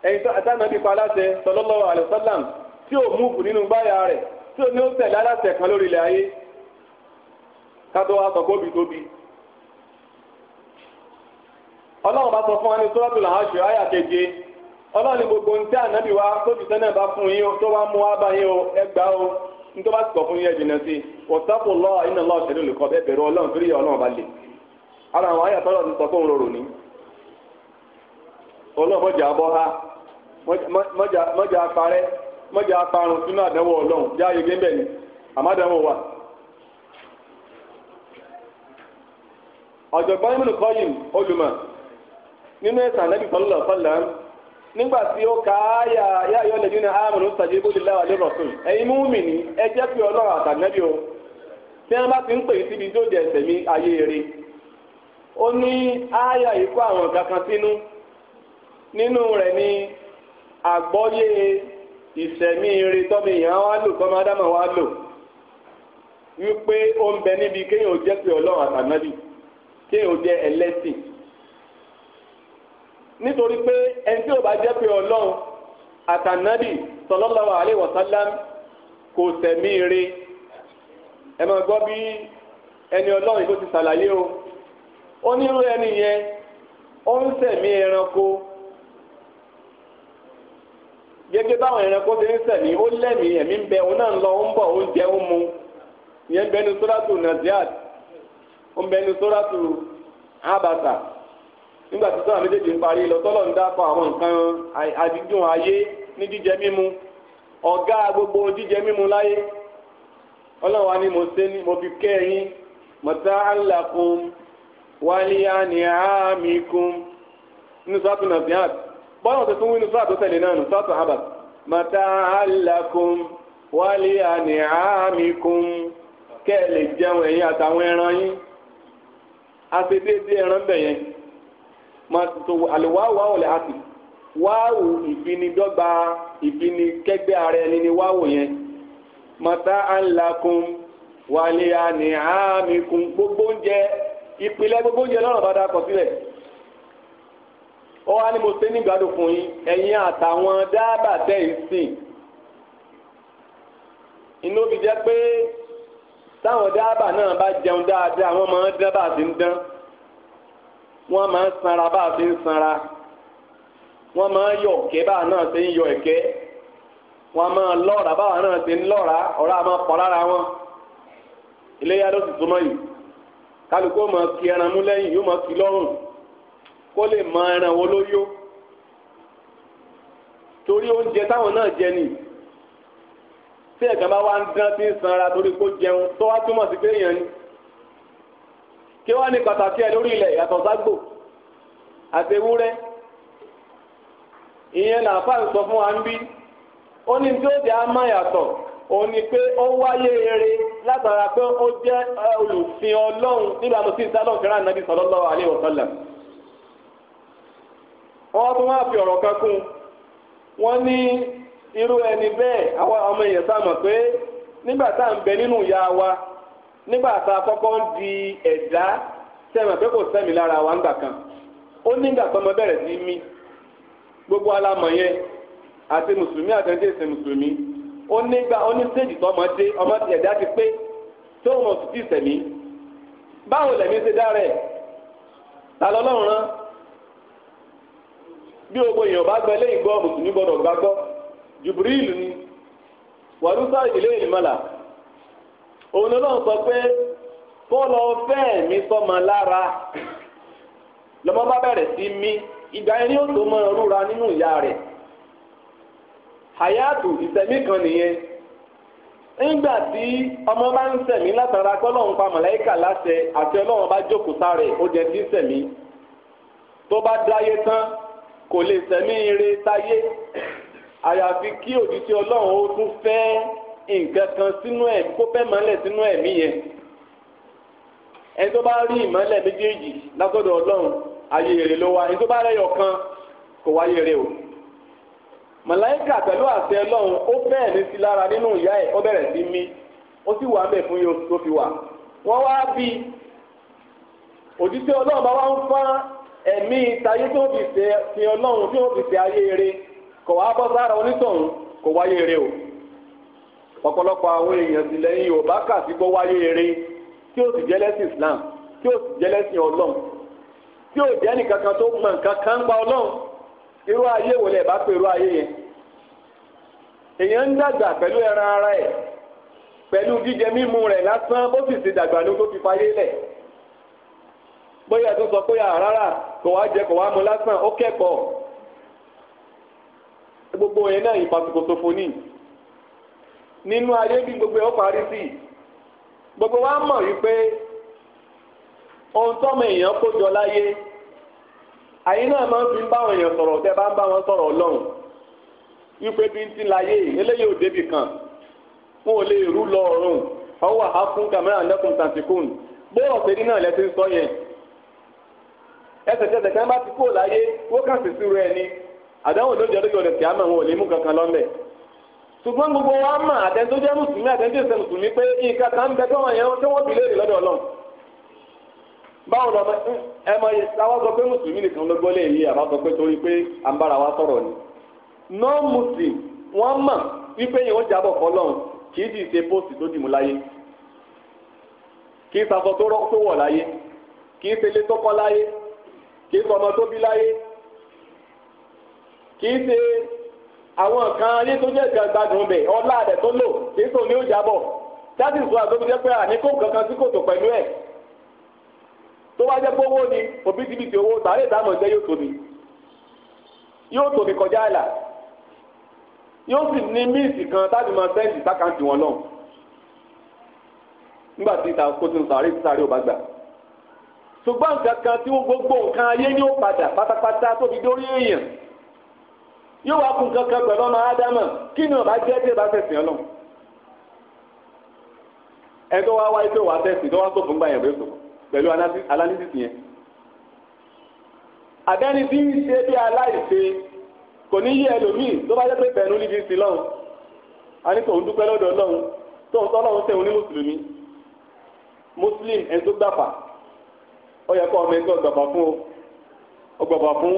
S1: ẹ̀yin tánàbì pa aláṣẹ sallallahu alaihi wasallam tí ò múùfù nínú gbáyà rẹ̀ tó ní ó tẹ̀ lánàṣẹ kan lórí ilẹ̀ ayé kátó wá sọ pé òbí tóbi ọlọ́run bá sọ fún wa ní sọ́ọ́tù làhásù àyà keje ọlọ́run ni gbogbo ní tí ànábì wa tóbi sẹ́nẹ̀ bá fún yín tó wá mú wá bá o ẹgbàá o ní tó bá sọ fún yín ẹ sí wọ́tàpù lọ iná lọ́ọ̀ ṣẹlẹ̀ olùkọ́ bẹ́ẹ̀ ọlọ́run torí ti sọ fún òun ní ọlọ́run bọ́ ha ni àmọ́ àdánwò ọ̀jọ̀gbọ́n Ibn Qayyim olùmọ̀ nínú ẹ̀sán Nabi sallallahu alaihi wasallam nígbà tí ó ka áyà lẹ́bí ní amanu istajibu lillahi wa lirrasul ẹ̀yin mùmínì ẹ jẹ́ pé ọlọ́run àtànẹ́bí o tí wọ́n bá ti ń pè é síbi tó esemi ẹ̀sẹ̀ mi ayé eré ó ní áyà ìkó àwọn kankan sínú nínú ni àgbọ́yé ìsẹ̀mí eré tọ́mi yàn wá lò wá lò wípé ó ń bẹ níbi kéèyàn jẹ́ pé kéèyàn o ẹlẹ́sìn nítorí pé ẹni tí ò bá jẹ́ pé ọlọ́run àtànábì sallallahu alaihi kò sẹ̀mí ire ẹ máa gbọ́ bí ẹni ọlọ́run tó ti ṣàlàyé o ó ye o ẹni yẹn ó ń sẹ̀mí ẹranko eranko báwọn ẹranko ti ń sẹ̀mí ó lẹ́mìí ẹ̀mí ń bẹ òun náà ń lọ ń bọ̀ ó ń jẹ ó ń ó ń bẹ ní sóràtù abasa nígbà tí sọ́nà méjèèjì ń parí lọ tọ́lọ̀ ń dákọ̀ àwọn nǹkan àdídùn ayé ní jíjẹ mímu ọ̀gá gbogbo jíjẹ mímu láyé ni mo ṣe ni mo fi kẹ́ ẹ̀yin mọ̀tá alákun wálíyá ni àmì kún nínú sọ́tù náà sí àbí bọ́lá tún wí ní sọ́tù tẹ̀lé náà nù sọ́tù abasa mọ̀tá wálíyá ni àmì kẹ́ ẹ lè jẹun àtàwọn ẹran àṣedéédé ẹran bẹ̀ yẹn máa tó àlèwáwò àwòlẹ̀ àti wáwò ìfinidọ́gba ìfinikẹ́gbẹ́ ara ẹni ni wáwò yẹn mọ̀tá ànlákun wàlẹ̀ àní àmìkún gbogbo oúnjẹ ìpìlẹ̀ gbogbo oúnjẹ lọ́rọ̀ bá dà kọ sílẹ̀ ó wá ní mo ṣe nígbàdùn fún yín ẹ̀yin àtàwọn dábàá tẹ̀ ń sìn inú òbí jẹ́ pé táwọn dáàbà náà bá jẹun dáadáa wọ́n máa ń dán bá a ti ń dán wọ́n máa ń sanra bá a ti ń sanra wọ́n máa ń yọ ẹ̀kẹ́ bá a náà ti ń yọ ẹ̀kẹ́ wọ́n máa ń lọ́ra bá a náà ti ń lọ́ra ọ̀rá máa pọ̀ lára wọn iléyà ló sì súnmọ́ yìí kálukú ó máa kí ẹran mú lẹ́yìn yóò máa kí lọ́rùn kó lè mọ ẹran wo ló torí oúnjẹ táwọn náà jẹ nìyí tí ẹ̀kan bá wá ń dán tí ń sanra torí kó jẹun tó wá túmọ̀ sí pé èèyàn ni kí wọ́n ní pàtàkì ẹ̀ lórí ilẹ̀ yàtọ̀ ságbò àti ewúrẹ́ ìyẹn làáfà ń sọ fún wa ń bí ó ní tí ó jẹ́ á má yàtọ̀ òun ni pé ó wáyé eré látara pé ó jẹ́ olùsìn ọlọ́run nígbà tó sì ń sálọ̀ fẹ́ràn nàbí sallallahu alaihi wasallam wọ́n tún wá fi ọ̀rọ̀ kan kún wọ́n ní. irú ẹni bẹ́ẹ̀ àwọn ọmọ èèyàn sáàmọ̀ pé nígbà tá à ń wa nígbà tá a kọ́kọ́ ń di ẹ̀dá sẹ́mi pé kò sẹ́mi lára wa ńgbà kan ó nígbà tó ọmọ bẹ̀rẹ̀ sí gbogbo alamọ̀ yẹn àti mùsùlùmí àtẹ̀ǹtẹ̀ ìsìn mùsùlùmí ó nígbà ó ní ti pé ti sẹ̀mí báwo lẹ̀mí ṣe dára ẹ̀ ta lọ́lọ́run rán bí gbogbo èèyàn bá gbọ́ Jibril ni wàlúùsà ilé ìmọ̀là òun náà sọ pé bọ́ọ̀lù ọ̀fẹ́ mi sọ́mọ lára lọ́mọ bá bẹ̀rẹ̀ sí mí ìgbà yẹn ni ó tó mọ rúra nínú ìyá rẹ̀ hayatu ìsẹ̀mí kan nìyẹn nígbà tí ọmọ bá ń sẹ̀mí látara pé ọlọ́run pa màláíkà láṣẹ àti ọlọ́run bá jókòó sáré ó jẹ tí sẹ̀mí tó bá dáyé tán kò lè sẹ̀mí ire táyé àyàfi kí òjíṣẹ́ ọlọ́run ó tún fẹ́ nǹkan kan sínú ẹ̀ kó fẹ́ mọ́lẹ̀ sínú ẹ̀mí yẹn ẹni tó bá rí ìmọ́lẹ̀ méjèèjì látọ̀dọ̀ ọlọ́run ayé èrè ló wá ẹni tó bá rẹ́yọ̀ kan kò wáyé èrè o màláíkà pẹ̀lú àṣẹ ọlọ́run ó bẹ́ẹ̀ ní sí lára nínú ìyá ẹ̀ ó bẹ̀rẹ̀ sí mí ó sì wà ń bẹ̀ fún yóò tó fi wà wọ́n wá bí òjíṣẹ́ ọlọ́run bá wá ń fá ẹ̀mí tayé tó fi ṣe ọlọ́run tí fi ṣe ayé èrè kò wá bọ́ sára onítọ̀hún kò wáyé eré o ọ̀pọ̀lọpọ̀ àwọn èèyàn sì lẹ́yìn Yorùbá kà sí wáyé eré tí ó sì jẹ́lẹ́sìn Islam tí ó sì jẹ́lẹ́sìn Ọlọ́run tí ó jẹ́ nìkan kankan tó mọ̀ nǹkan kan ń gba Ọlọ́run irú ayé bá pé irú ayé yẹn èèyàn ń dàgbà pẹ̀lú ẹran ara ẹ̀ pẹ̀lú jíjẹ mímu rẹ̀ lásán bó sì ṣe dàgbà ní tó fi mu lásán ó kẹ́kọ̀ọ́ gbogbo yẹn náà ìfàsìkò ṣòfò ní nínú ayé bí gbogbo ẹ̀ ó parí sí gbogbo wa mọ̀ wípé ohun tọ́mọ èèyàn kó jọ láyé àyín náà máa ń fi báwọn èèyàn sọ̀rọ̀ tẹ́ bá ń bá wọn sọ̀rọ̀ ọlọ́run wípé bí ń ti láyé eléyìí ò débì kan wọn ò lè rú lọ ọ̀run ọwọ́ àákún kàmẹ́rà lẹ́kùn tàǹtìkùn bó ọ̀sẹ̀ nínú ẹ̀ ti ń sọ yẹn ẹsẹ̀kẹsẹ̀ kan bá ti kó láyé wọ́n kàn sí sí rẹ̀ ni àdáwò tó jẹ́ lójú ọ̀dẹ̀ tí a mọ̀ wọn ò lè mú kankan lọ́mẹ̀ ṣùgbọ́n gbogbo wa mọ̀ àtẹ̀tó jẹ́ mùsùlùmí àtẹ̀tó ìṣe mùsùlùmí pé nǹkan kan ń bẹ tó wọn yẹn tó wọn bì léèrè lọ́dọ̀ Ọlọ́run báwo lọ ẹ mọ àwọn sọ pé mùsùlùmí nìkan ló gbọ́ yìí àbá sọ pé torí pé à ń bára wa sọ̀rọ̀ ni non-muslim wọ́n mọ̀ wípé yẹn ó jábọ̀ fọlọ́run kì í sì ṣe póòsì tó dìmú láyé kì í ṣaṣọ tó wọ̀ láyé kì í kì í ṣe àwọn kan ayé tó jẹ́ ìgbàgbọ́n bẹ̀ ọlá rẹ̀ tó lò kì í sọ ní òjà bọ̀ láti sọ àgbẹ̀bí jẹ́ pé àníkó kankan sí kòtò pẹ̀lú ẹ̀ tó bá jẹ́ pé owó ni òbítíbitì owó tààrí ìdámọ̀ ìṣẹ́ yóò tóbi yóò tóbi kọjá àlà yóò sì ní míìsì kan tábì máa sẹ́ǹdì sákàǹtì wọn náà nígbà tí ìta kó sínú sàárè sáré ò bá gbà ṣùgbọ́n nǹkan tí gbogbo nǹkan ayé ni ó padà pátápátá tó dórí èèyàn yóò wá kún kankan pẹ̀lú ọmọ ádámà kí ni ọba jẹ́ tí ẹ bá fẹ̀sìn ọlọ́run ẹgbẹ́ wa wáyé pé wàá fẹ̀sìn tó wá sọ fún gbàyàn bẹ́ẹ̀ sọ pẹ̀lú analysis yẹn àbẹ́ni tí ń ṣe bí aláìṣe kò ní yí ẹlòmíì tó bá jẹ́ pé pẹ̀lú níbi ìsìn lọ́run a ní tòun dúpẹ́ lọ́dọ̀ ọlọ́run tóun tọ́ lọ́run tẹ̀wọ́n ní mùsùlùmí muslim ẹni tó gbàfà ó yẹ kó ọmọ ẹni tó gbàfà fún o ó gbàfà fún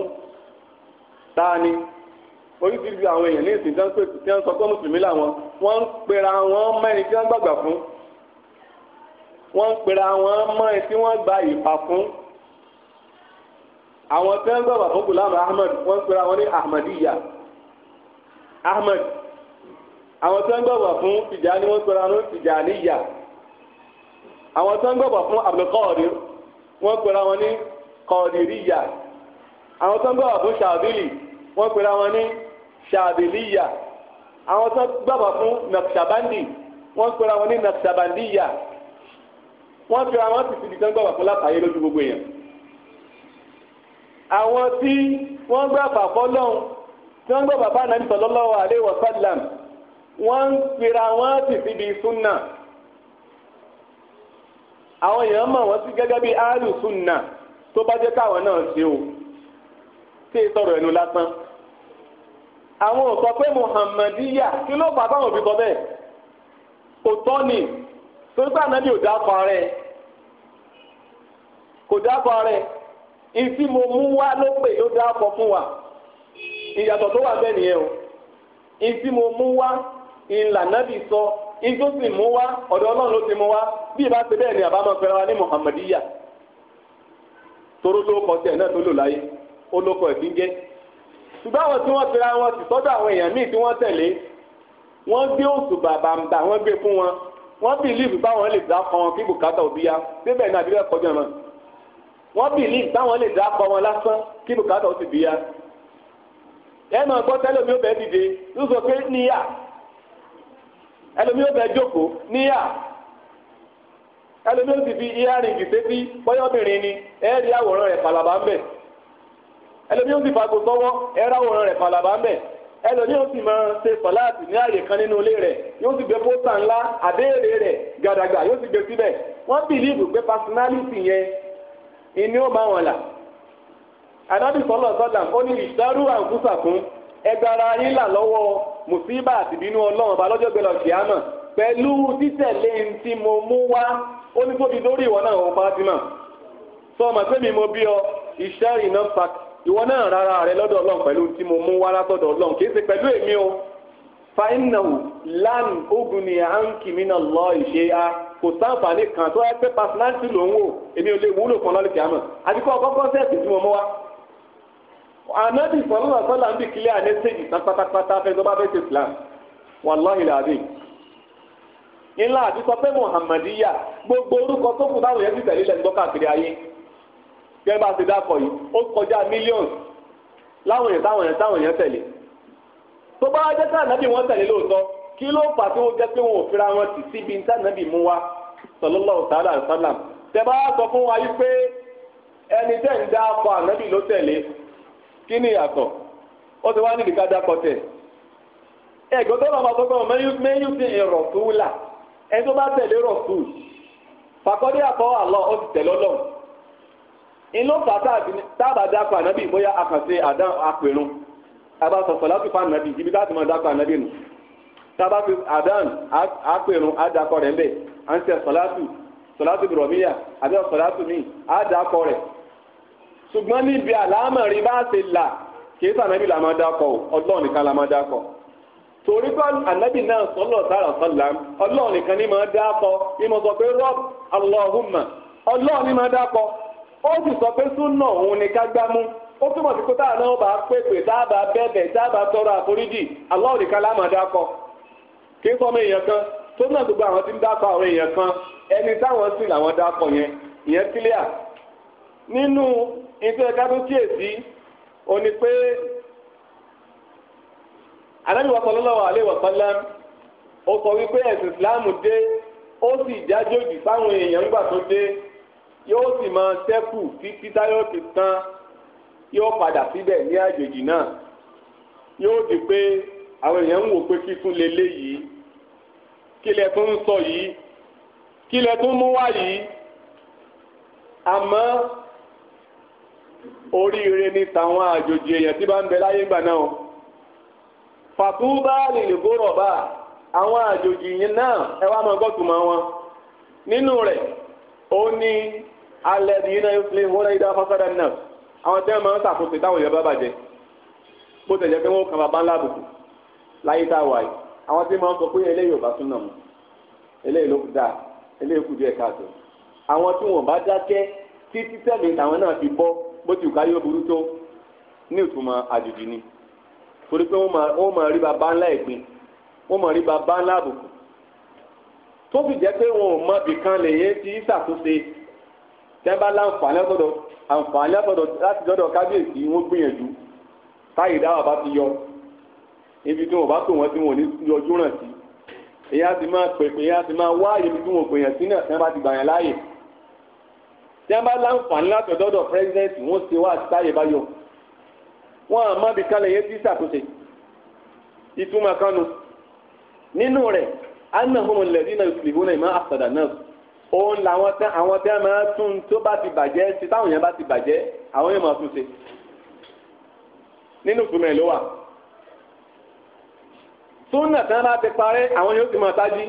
S1: táà ni oríṣiríṣi àwọn èèyàn ní ìsìn tán pé tí wọ́n sọ pé mùsùlùmí làwọn wọ́n ń pera wọn mẹ́rin tí wọ́n gbàgbà fún wọ́n ń pera wọn mẹ́rin tí wọ́n gba ìfà fún àwọn tí wọ́n gbàgbà fún Ghulam Ahmed wọ́n ń pera wọn ní Ahmadiyya Ahmed àwọn tí wọ́n gbàgbà fún Tijani wọ́n ń pera wọn ní Tijaniyya àwọn tí wọ́n gbàgbà fún Abdulkadir wọ́n ń pera wọn ní Qadiriyya àwọn tí wọ́n gbàgbà fún Shadili wọ́n ń pera wọn ní ṣàbílíyà àwọn tó gbàgbọ́ fún nàkṣàbándì wọ́n pera wọn ní nàkṣàbándìyà wọ́n pera wọn sì síbi tó gbàgbọ́ fún látàyè lójú gbogbo èèyàn àwọn tí wọ́n gbàgbọ́ fọlọ́hún tí wọ́n gbàgbọ́ fún anabi sallallahu alaihi wasallam wọ́n pera wọn sì síbi súnà àwọn èèyàn mọ̀ wọ́n sí gẹ́gẹ́ bí alu sunna, tó bá jẹ́ káwọn náà ṣe o tí ì sọ̀rọ̀ ẹnu lásán. àwọn ò sọ pé muhammadiya kí ló fà báwọn òbí kọ bẹ́ẹ̀ òtọ́ ni torí pé ànábì ò dákọ rẹ kò dákọ rẹ ìsí mo mú wá ló pè ló dákọ fún wa ìyàtọ̀ tó wà bẹ́ẹ̀ nìyẹn o ìsí mo mú wá ìlànàbì sọ ìjó sì mú wá ọ̀dọ̀ ọlọ́run ló ti mú wá bí ìbá ṣe bẹ́ẹ̀ ni àbámọ̀ pẹ̀lú wa ní muhammadiya toró Torótó kọ sí ẹ̀ náà tó lò láyé ó ló ẹ̀ fi ń jẹ́ ṣùgbọ́n àwọn tí wọ́n fira wọn sì sọ́dọ̀ àwọn èèyàn míì tí wọ́n tẹ̀lé wọ́n gbé òṣùbà bàǹbà wọ́n gbé fún wọn wọ́n bìlíìfù báwọn lè dá kọ́ wọn kí bùkátà òbí ya débẹ̀ náà àbíbẹ̀ kọjá wọn wọ́n bìlíìfù báwọn lè dá kọ́ wọn lásán kí bùkátà òsì bí ya ẹ máa gbọ́ tẹ́lẹ̀ omi ó bẹ́ẹ̀ dìde yóò sọ pé níyà ẹlòmí ó bẹ́ẹ̀ jókòó níyà ẹlòmí ó sì fi iye àrìngì sétí bọ́yọ́bìnrin ni ẹ̀ẹ́dì àwòrán rẹ̀ pàlàbà ń bẹ̀ ẹlòmí ó sì fàgò sọ́wọ́ ẹ̀rọ àwòrán rẹ̀ fàlàbà ń bẹ̀ ẹlòmí ó sì máa ṣe sọ̀láàtì ní àyè kan nínú ilé rẹ̀ yóò sì gbé pósà ńlá àbéèrè rẹ̀ gàdàgà yóò sì gbé síbẹ̀ wọ́n bìlíìfù pé pásínálìtì yẹn ìní ó máa wọ̀n là anábì sọlọ sọlá ó ní ìdárú àǹkúsà fún ẹgbàrá yín là lọ́wọ́ mùsíbà àtìbínú ọlọ́run ọba lọ́jọ́ gbẹlọ̀ kìámà pẹ̀lú títẹ̀lé ntí mo mú wá ó ní tóbi lórí ìwọ náà ò bá ti mọ̀ sọ ma sẹ́mi mo bí ọ ìṣẹ́rìí náà pàk ìwọ náà rárá rẹ lọ́dọ̀ ọlọ́run pẹ̀lú tí mo mú wá látọ̀dọ̀ ọlọ́run kì í ṣe pẹ̀lú èmi o fainahu lan oguni anki mina lọ ìṣe a kò sáǹfààní kan tó ẹgbẹ́ pàṣínáàtì ló ń wò èmi ò lè wúlò kan lọ́lẹ̀ kìámọ̀ àti kó ọkọ́ kọ́nsẹ́ẹ̀tì tí mo mú wá. ànábì sọlọ́nà sọlá ń bì kílẹ̀ àní séjì tán pátápátá fẹ́ tó fẹ́ ṣe Islam wàláhì làbí. ńlá àti gẹ́gẹ́ bá ti dákọ̀ yìí ó kọjá mílíọ̀nù láwọn èèyàn táwọn èèyàn táwọn èèyàn tẹ̀lé tó bá jẹ́ tá ànábì wọn tẹ̀lé lóòótọ́ kí ló fà tí wọ́n jẹ́ pé wọn ò fira wọn tì síbi tá ànábì mú wa sallallahu ta'ala alaihi wasallam tẹ bá sọ fún wa yìí pé ẹni tẹ̀ ń dá akọ ànábì ló tẹ̀lé kí ni ìyàtọ̀ ó ti wá ní ìdíkà dákọ̀ tẹ̀ ẹ̀gbọ́n tó lọ́mọ inú fàtà tábàdà kọ ànábì bóyá àkànṣe àdán àpèrún tábà sọ sọlá fífa ànábì ibi táàtì máa dákọ ànábì nù tábà fi àdán àpèrún àdàkọ rẹ̀ ńbẹ̀ à ń ṣe bìrọ̀míyà àbí sọlátù míì àdàkọ rẹ̀ ṣùgbọ́n níbi àlámọ̀rí bá ṣe là kì í sànábì là máa nìkan là torí pé ànábì náà sọlọ sára sọlá nìkan ní máa ní mo sọ pé ní máa ó sì sọ pé súnà òun ni ká gbámú ó túmọ̀ sí pé táwọn náà bá pèpè táàbà bẹ̀bẹ̀ táàbà tọrọ àforíjì aláwọ̀ nìkan láàmà dákọ kí n sọmọ èèyàn kan tó náà gbogbo àwọn tí ń dákọ àwọn èèyàn kan ẹni táwọn sì làwọn dákọ yẹn ìyẹn kílíà nínú iṣẹ́ kábíyèsí ó ní pé Ànábì sallallahu alaihi wasallam ó sọ wípé Islam dé ó sì fáwọn èèyàn tó yóò sì máa ṣẹ́kù títí táyọ̀ ti tán yóò padà síbẹ̀ ní àjèjì náà yóò di pé àwọn èèyàn ń wò pé kí tún yìí kí lẹ tún sọ yìí kí lẹ tún mú wá yìí àmọ́ oríire ni tàwọn àjòjì èèyàn tí bá ń bẹ láyé gbà náà àwọn àjòjì yìí náà ẹ wá gbọ́tùmọ̀ wọn alladhina yuslihuna idha fasada an-nas àwọn tẹ́ máa ń ṣàkóso táwọn èèyàn bá bàjẹ́ bó tẹ̀jẹ́ pé wọ́n kan bàbá ńlá bùkù láyé tá a wà yìí àwọn tí máa ń sọ pé eléyìí ò bá súnà mu eléyìí ló dáa eléyìí kù díẹ̀ káàtó àwọn tí wọ́n bá dákẹ́ títí tẹ̀lé táwọn náà fi bọ́ bó ti wù burú tó ní ìtumọ̀ àjòjì ni torí pé wọ́n máa rí bàbá ńlá ìpín wọ́n máa rí bàbá ńlá àbùkù tó fi jẹ́ pé wọn ò mọ tẹ́bá láǹfààní ọ̀tọ̀dọ̀ àǹfààní ọ̀tọ̀dọ̀ láti dọ́dọ̀ kábíyèsí wọ́n gbìyànjú táyì dáwà bá ti yọ ibi tí wọn bá tò wọn tí wọn ò ní yọjú ràn sí èyí á ti máa pèpè èyí á ti máa wá àyè ibi tí wọn ò gbìyànjú sí náà tẹ́ bá ti gbà yàn láàyè tẹ́bá láǹfààní láti dọ́dọ̀ pírẹ́sidẹ́ǹtì wọ́n ṣe wá àti táyì bá yọ wọn àmọ́ bí kálẹ̀ yẹn ti ṣàtúnṣe ìtumọ̀ kanu òun làwọn tán àwọn tán máa tún tó bá ti bàjẹ́ ṣe táwọn yẹn bá ti bàjẹ́ àwọn yẹn máa tún ṣe nínú ìtumọ̀ ẹ̀ ló wà súnà tán bá ti parẹ́ àwọn yóò ti máa tají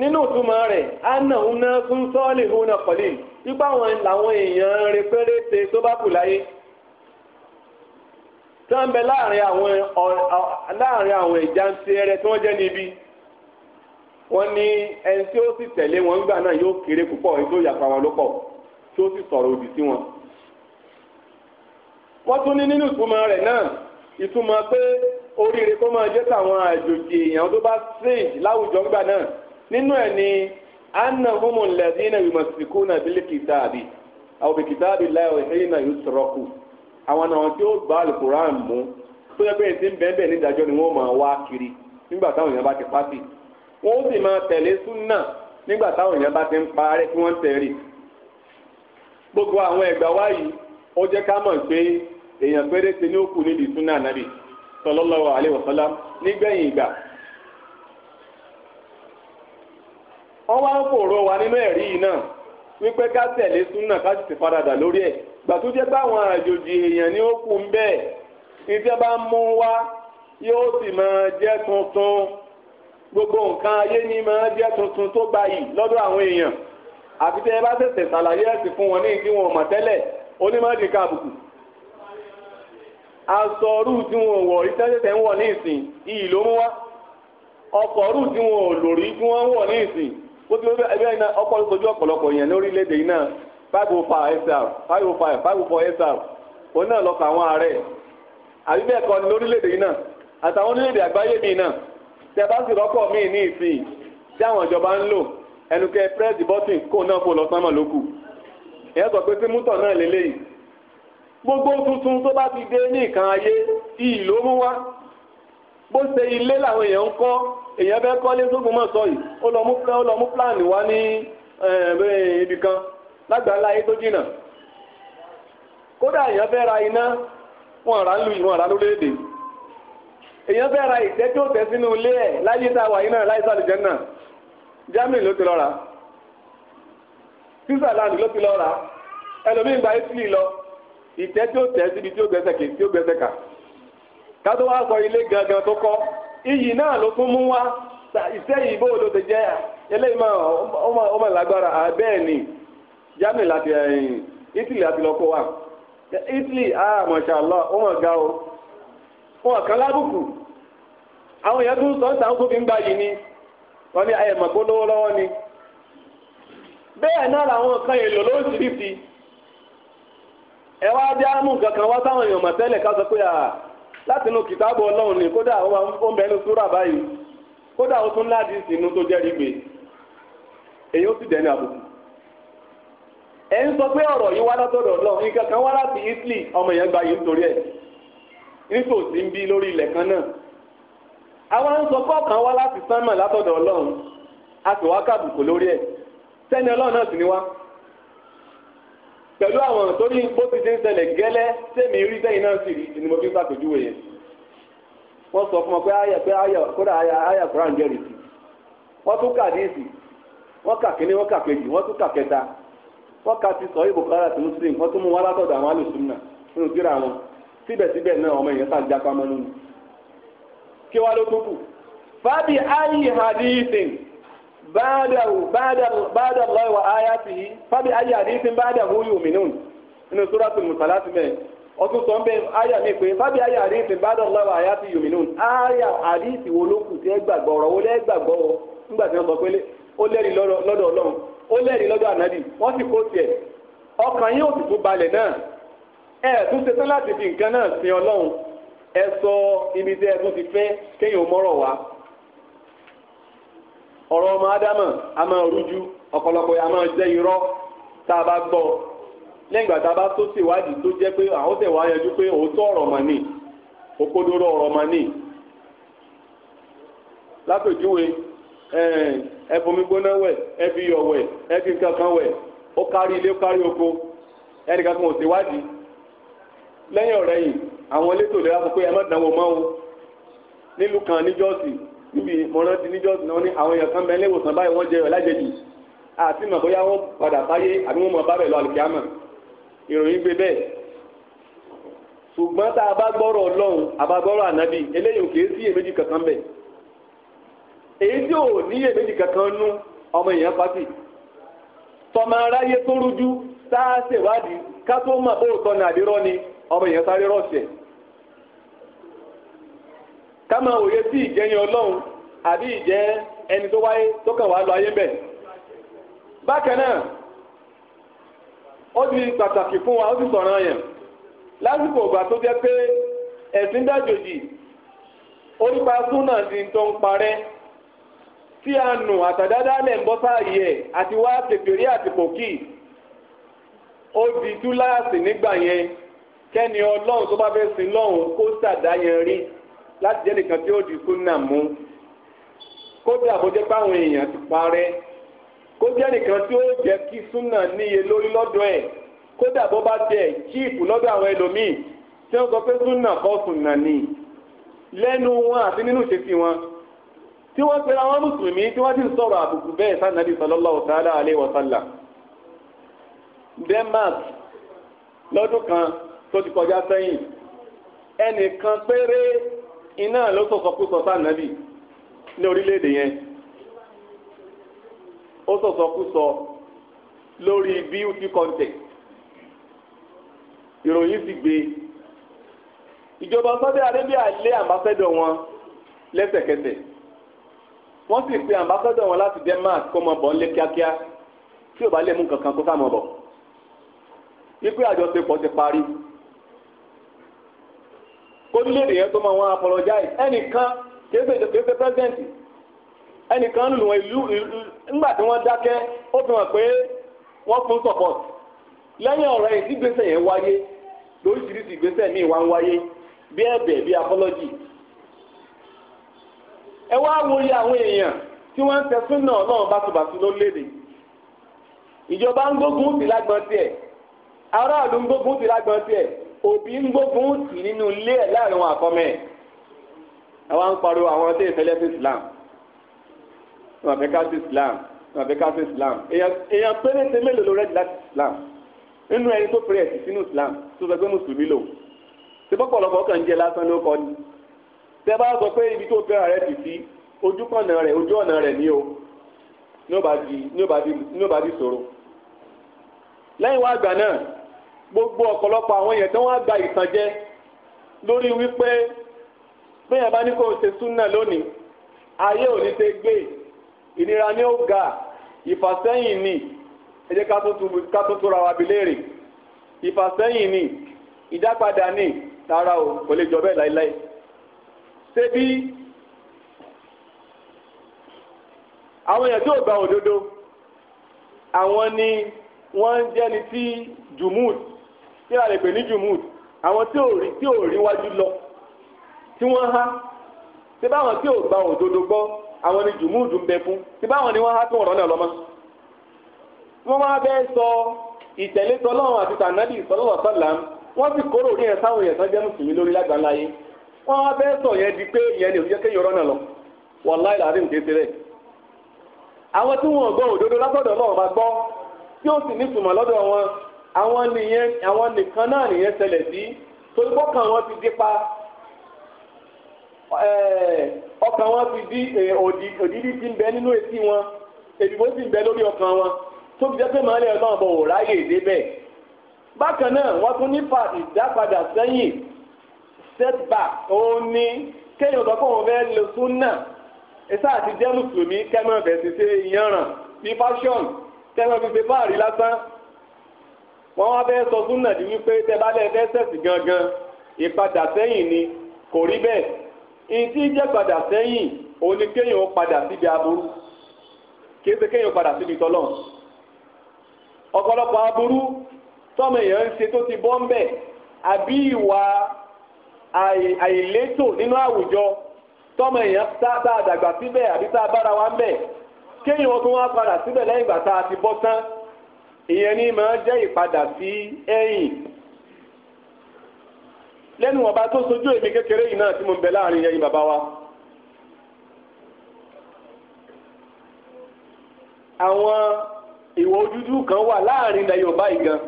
S1: nínú ìtumọ̀ rẹ̀ ana una fún sọ́ọ̀lì una kọ̀lì ipá wọn làwọn èèyàn rẹ̀ péréte tó bá kù láyé tí wọ́n ń bẹ láàrin àwọn láàrin ń ṣe ẹrẹ tí wọ́n jẹ́ níbi. wọn ní ẹni tí ó sì tẹ̀lé wọn gba náà yóò kéré púpọ̀ èyí tó yàtọ̀ ló tí ó sì sọ̀rọ̀ òdì sí wọn. wọ́n tún ní nínú ìtumọ̀ rẹ̀ náà ìtumọ̀ pé oríire kó máa jẹ́ tàwọn àjòjì èèyàn tó bá sèèjì láwùjọ náà nínú ẹ̀ ni anna náà kìtàbí àwọn láyọ̀ náà yóò sọ̀rọ̀kù àwọn tí ó gbà mú tó yẹ pé ń ni wọ́n máa wá kiri nígbà táwọn èèyàn bá wọn ó sì máa tẹ̀lé súnà nígbà táwọn èèyàn bá ti ń parẹ́ kí wọ́n tẹ̀lé gbogbo àwọn ẹgbà wáyìí ó jẹ́ ká mọ̀ pé èèyàn péréte ní òkú kù nídìí súnà nàbì sallallahu alaihi wasallam nígbẹ̀yìn ìgbà wọ́n wá ń fòrò wa nínú ẹ̀rí yìí náà wípé ká tẹ̀lé súnà ká sì ti faradà lórí ẹ̀ gbà tó jẹ́ báwọn àjòjì èèyàn ní òkú kù ń bẹ́ẹ̀ ìjọba mú wá yóò sì máa jẹ́ tuntun gbogbo nǹkan ayé ní máa jẹ́ tuntun tó gbayì lọ́dọ̀ àwọn èèyàn àfi tẹ́ ẹ bá tẹ̀sẹ̀ ṣàlàyé ẹ̀sìn fún wọn ní ìdí wọn mọ̀ tẹ́lẹ̀ onímọ̀ọ́dì káàbùkù aṣọ tí wọn wọ̀ ń wọ̀ ní ìsìn iyì ló mú wá ọkọ̀ tí wọn tí wọ́n ń wọ̀ ní ìsìn ó ti ọkọ̀ ọ̀pọ̀lọpọ̀ èèyàn èdè iná five oh five sr five oh five oh tẹ̀básì rọ́pọ̀ míì ní ìsìn tí àwọn ìjọba ń lò ẹnukẹ́ press the button kó náà fò lọ sánmọ̀ lókù ìyẹn sọ pé tí mútọ̀ náà lélẹ́yìí gbogbo tuntun tó bá ti dé ní ìkan ayé iyì ló mú wá bó ṣe ilé làwọn èèyàn ń kọ́ èèyàn fẹ́ kọ́lé sógun mọ̀ sọ yìí ó lọ mú ó lọ mú pílánì wá ní eh, ibì kan lágbàlá ayé tó jìnnà kódà èèyàn fẹ́ ra iná wọn rà ń lu ìwọn rà lórílẹ̀-èdè yìí èèyàn fẹ́ ra ìtẹ́ tí ó sínú ilé ẹ̀ láyé tá a wà yín náà láyé sáré jẹ́ náà Germany ló ti lọ́ra Switzerland ló ti lọ ẹlòmíín gba Italy lọ ìtẹ́ tí ó tẹ́ síbi tí ó gbẹ́sẹ̀ kì tí ó gbẹ́sẹ̀ kà kátó wá sọ ilé gangan tó kọ́ iyì náà ló tún mú wá ìtẹ́ yìí bó ló ti jẹ́ eléyìí ọmọ àbẹ́ẹ̀ ni Germany láti Italy láti lọ kó wa Italy ah masha Allah ó mọ̀ ga o. fún ọ̀kan lábùkù àwọn èèyàn tó ń sọ ń gba yìí ni wọ́n ní ayẹ̀mọ̀ kó lówó ni bẹ́ẹ̀ náà làwọn kan èlò ló fi ẹ wá bí ámú kankan wá táwọn èèyàn mọ̀ ká sọ pé à láti inú kìtàbù ọlọ́run ni kódà ó ń bẹnu súrà báyìí kódà ó tún láti sínú tó èyí ó Italy ọmọ yẹn gba yìí nítòsí ń bí lórí ilẹ̀ kan náà àwa ń sọ kọ́ọ̀kan wá láti sánmà látọ̀dọ̀ ọlọ́run a sì wá kàbùkù lórí ẹ̀ sẹ́ni ọlọ́run náà sì ni wá pẹ̀lú àwọn torí bó ti ṣe ń ṣẹlẹ̀ gẹ́lẹ́ sẹ́mi rí sẹ́yìn náà sì rí ni mo fi ń ṣàpèjúwe yẹn wọ́n sọ fún ọ pé àyà pé àyà kódà àyà àyà kódà ń jẹ́rìí sí wọ́n tún kà díìsì wọ́n kà kíní wọ́n kà kejì wọ́n tún kà kẹta wọ́n kà ti sọ wọ́n tún mú wọn látọ̀dọ̀ àwọn alùsùn náà nínú wọn. síbẹ̀síbẹ̀ náà ọmọ èèyàn sáà jápa mọ́ nínú kí wá ló tó kù. ayi hadithin báàdà lọ́wọ́ àyà tì í ayi hadithin báàdà hu yu'minun nínú suratul mùsàlásímẹ̀ ọtún sọ ń bẹ àyà mi pé fábì ayi hadithin báàdà lọ́wọ́ àyà tì yu'minun àyà hadith wo ló kù tí ẹ gbàgbọ́ ọ̀rọ̀ wo lẹ́ gbàgbọ́ ọ nígbà tí wọ́n sọ pé ó lọ́dọ̀ Ọlọ́run ó lọ́dọ̀ wọ́n sì kó tiẹ̀ ọkàn yóò ẹ tún ṣetán láti fi nǹkan náà sin ọlọ́run ẹ sọ ibi tí ẹ tún ti fẹ́ kéèyàn mọ́rọ̀ wá ọ̀rọ̀ ọmọ ádámà a máa rújú ọ̀pọ̀lọpọ̀ a máa jẹ́ irọ́ tá a bá gbọ́ lẹ́yìn ìgbà tá a bá tó ṣèwádìí tó jẹ́ pé àwọn tẹ̀ wá yanjú pé òótọ́ ọ̀rọ̀ mọ̀ ni òkodoro ọ̀rọ̀ mọ̀ ni lápèjúwe ẹ̀fọ́mi gbóná wẹ̀ ẹ̀fì yọ̀ wẹ̀ ẹ̀fì kankan wẹ̀ ó kárí ilé ó kárí oko ẹnìkan kan ò ṣèwádìí lẹ́yìn ọ̀rẹ́ yìí àwọn elétò ìlera sọ pé ẹ má dánwò mọ́ o nílùú kan níjọ́sì níbi mọ̀rántí níjọ́sì náà ní àwọn èèyàn kan bẹ ní ìwòsàn báyìí wọ́n jẹ ẹ̀ lájẹjì àti mọ̀ bóyá wọ́n padà sáyé àbí wọ́n mọ̀ bábẹ̀ lọ àlùkìámà ìròyìn gbé bẹ́ẹ̀ ṣùgbọ́n tá a bá gbọ́rọ̀ ọlọ́run ànábì eléyìí kankan ò kankan ká tó mọ̀ bóòtọ́ ọmọ èèyàn sáré kama ẹ̀ si máa sí ìjẹyìn ọlọ́run àbí ìjẹ́ ẹni tó wáyé tó kàn wá lọ ayé bẹ̀ bákan náà ó ti pàtàkì fún wa ó ti sọ̀rọ̀ yẹn lásìkò ìgbà tó jẹ́ pé ẹ̀sìn dájòjì orípa súnà ti tó ń parẹ́ tí a nù àtàdádá lẹ̀ ń bọ́ sáàyè ẹ̀ àti wá tètè kẹ́ni ọlọ́run tó bá fẹ́ sin lọ́run kó sàdáyẹn rí láti jẹ́ nìkan tí ó di súnà mú kódà bó jẹ́ báwọn èèyàn ti parẹ́ kó jẹ́ nìkan tí ó jẹ́ kí súnà níye lórí lọ́dọ̀ ẹ̀ kódà bó bá jẹ́ chíìpù lọ́dọ̀ àwọn ẹlòmíì tí wọ́n sọ pé súnà kọ́ súnà ni lẹ́nu wọn àti nínú ìṣesí wọn tí wọ́n pera wọn mùsùlùmí tí wọ́n ti sọ̀rọ̀ àbùkù bẹ́ẹ̀ sànàbí denmark lọ́dún kan tó ti kọjá sẹ́yìn ẹnìkan péré iná ló sọ̀sọ̀ kú sọ sànàbì ní orílẹ̀-èdè yẹn ó sọ̀sọ̀ kú sọ lórí beauty contest ìròyìn sì gbé ìjọba Saudi Arabia lé àmbásẹ́dọ̀ wọn lẹ́sẹ̀kẹsẹ̀ wọ́n sì pe àmbásẹ́dọ̀ wọn láti Denmark kó mọ bọ̀ ń lé kíákíá tí ò bá lè mú kankan kó sá mọ̀ bọ̀ wípé àjọṣepọ̀ ti parí. kórílẹ̀èdè yẹn tó máa wọn apologize ẹnìkan kéèké kéèké president ẹnìkan lù wọn ìlú ńgbà tí wọ́n dákẹ́ ó fi hàn pé wọ́n fún support lẹ́yìn ọ̀rọ̀ yìí tí gbèsè yẹn wáyé lóríṣiríṣi ìgbésẹ̀ míì wá ń wáyé bí ẹ̀bẹ̀ bí apology ẹ wá àwọn èèyàn tí ń náà bàtúbàtú ìjọba ń gbógun ti aráàlú ń gbógun òbí ń gbógun tì nínú ilé ẹ̀ láàrin wọn àkọ́mẹ́ àwọn ń pariwo àwọn tó ìfẹ́lẹ́ sí Islam wọn àfẹ́ ká sí Islam wọn àfẹ́ ká sí Islam èèyàn péréte mélòó ló rẹ́dí láti Islam nínú ẹni tó pèrè ẹ̀sìn sínú Islam tó sọ pé mùsùlùmí lò ṣé pọ́pọ̀lọpọ̀ kàn ń jẹ lásán ló kọ́ ni tẹ́ bá sọ pé ibi tó fẹ́ràn rẹ̀ sì sí ojú ọ̀nà rẹ̀ ojú ọ̀nà rẹ̀ ní o ní ó bá di ní ó bá di ní ó bá lẹ́yìn wá àgbà náà gbogbo ọ̀pọ̀lọpọ̀ àwọn èèyàn tó wá gba ìtànjẹ lórí wípé bẹ́ẹ̀ bá ní kó o ṣe súnà lónìí ayé ò ní ṣe gbé ìnira ní ó ga ìfàsẹ́yìn ni ẹ jẹ́ ká tó tóra wa bi léèrè ìfàsẹ́yìn ni ìdápadà ni tààrà ò kò lè jọ bẹ́ẹ̀ láéláé ṣé bí àwọn èèyàn tí ò gba òdodo àwọn ni wọ́n jẹ́ni tí jùmùú tí a lè pè ní jùmùd àwọn tí ò rí tí ò rí wájú lọ tí wọ́n há tí báwọn tí ò gba òdodo gbọ́ àwọn ni jùmùd ń bẹ fún tí báwọn ni wọ́n há tí wọ́n rọ́lẹ̀ ọlọ́mọ. wọ́n wá bẹ́ẹ̀ sọ ìtẹ̀lé tọlọ́run àti tànádì sallallahu alaihi wasallam wọ́n sì kóró orí yẹn sáwọn èèyàn tán jẹ́ mùsùlùmí lórí lágbàláyé wọ́n wá bẹ́ẹ̀ sọ yẹn di pé ìyẹn lè jẹ́ kéèyàn rọ́nà lọ wàláì làárín kéṣe rẹ̀ àwọn tí wọ́n gbọ́ òdodo látọ̀dọ̀ náà máa gbọ́ tí ó sì nítumọ̀ lọ́dọ̀ àwọn nìyẹn àwọn nìkan náà nìyẹn ṣẹlẹ̀ sí torí bọ́kàn wọn ti dípa ọkàn wọn ti di òdìdí ti ń bẹ nínú etí wọn èdìbò ti ń bẹ lórí ọkàn wọn tó fi jẹ́ pé màálé ọlọ́run bọ̀ ò ráyè débẹ̀ bákan náà wọ́n tún nípa ìdápadà sẹ́yìn setback òun ni kéèyàn sọ pé òun fẹ́ lo súnà ẹ̀sà àti jẹ́ mùsùlùmí kẹ́mọ̀ bẹ̀sì ṣe ìyanràn bí fashion kẹ́mọ̀ fi ṣe fáàrí lásán wọ́n wá fẹ́ sọ súnà ní wípé tẹ́bálẹ̀ fẹ́ gangan ìpadà sẹ́yìn ni kò rí bẹ́ẹ̀ ìtí jẹ́ padà sẹ́yìn òun ni kéèyàn padà síbi aburú kìí ṣe kéèyàn padà síbi tọ́lọ̀ ọ̀pọ̀lọpọ̀ aburú tọ́mọ èèyàn ń ṣe tó ti bọ́ ń bẹ̀ àbí ìwà àìlétò nínú àwùjọ tọ́mọ èèyàn tá a dàgbà síbẹ̀ àbí tá a bára wa ń bẹ̀ kéèyàn tó wá padà síbẹ̀ lẹ́yìn ìgbà tá a ti bọ́ tán ìyẹn ní máa jẹ́ ìpadà sí ẹ̀yìn lẹ́nu ọba tó sojú èmi kékeré yìí náà tí mo ń bẹ láàrin ẹ̀yin bàbá wa. àwọn ìwọ ojú dúdú kan wà láàrin ilẹ̀ Yorùbá yìí gan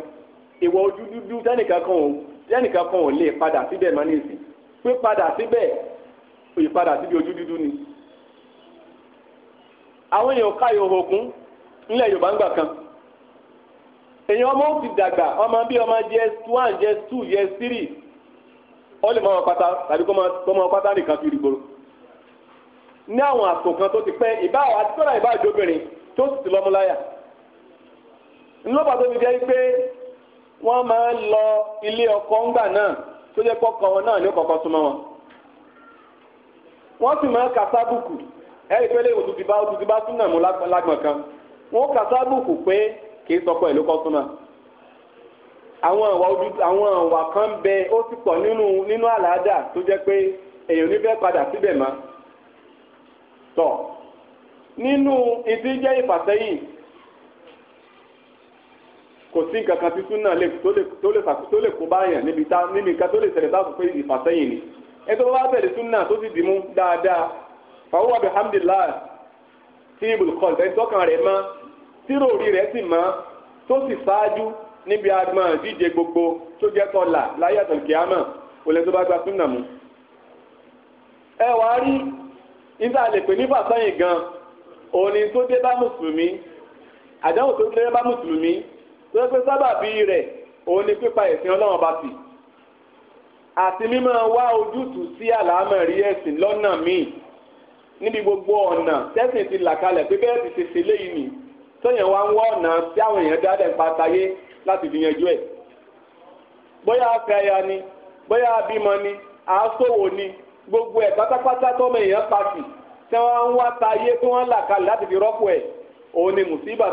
S1: ìwọ ojú dúdú tẹ́nìkan kan ò tẹ́nìkan kan ò lè padà síbẹ̀ mọ́ ní ìsìn pé padà síbẹ̀ ìpadà síbi ojú dúdú ni. àwọn èèyàn ká yòókùn ńlẹ̀ Yorùbá ń gbà kan. èyàn ọmọ ó ti dàgbà ọmọ bíi ọmọ js one js two js three ó lè máa pátá tàbí kó máa pátá nìkan fi rìgbòrò ní àwọn àtò kan tó ti pẹ́ ìbá àti sọ́ra ìbá ìjóbìnrin tó sì ti lọ́mú láyà ńlọ́pàá tó ti jẹ́ pé wọ́n máa ń lọ ilé ọkọ ńgbà náà tó jẹ́ kọ́kọ́ wọn náà ní kì í sọpọ̀ ìlú kọ́ àwọn àwa ojú àwọn kan bẹ ó sì pọ̀ nínú nínú tó jẹ́ pé èèyàn níbẹ̀ padà síbẹ̀ mọ́ tọ̀ nínú ìdí jẹ́ ìfàsẹ́yìn kò sí nǹkan kan títún náà tó lè kó báyàn níbi nǹkan tó lè ni ẹni tó bá bẹ̀rẹ̀ náà tó dì mú dáadáa fàwọn tí ibùdókọ̀ ẹni tọ́kàn rẹ̀ tírò orí rẹ̀ sì mọ́ tó sì ṣáájú níbi agbọn ìdíje gbogbo tó jẹ́ tọ́lá láyé àtàlùkìámọ̀ olè tó bá gba súnà mú. ẹ wá rí níta lè pè ní fàtọ́yìn gan òní tó dé bá mùsùlùmí àdáwò tó dé bá mùsùlùmí tó yẹ pé sábàbí rẹ̀ òní pípa ẹ̀sìn ọlọ́run bá sì àti mímọ̀ wá ojútùú sí àlámọ̀rí ẹ̀sìn lọ́nà míì níbi gbogbo ọ̀nà tẹ́sìn ti là kalẹ̀ pé bẹ́ẹ̀ ti ṣe ṣe léyìí nìyí sẹ́yìn wa ń wọ́ ọ̀nà tí àwọn èèyàn dáadẹ́ ń pa àtàyé láti fi yanjú ẹ̀ bóyá afẹ́ya ni bóyá abímọ ni àásòwò ni gbogbo ẹ̀ pátápátá tọ́mọ èèyàn pàṣì tí wọ́n ń wá tayé tí wọ́n là kalẹ̀ láti fi rọ́pò ẹ̀ òun ni mùsíbà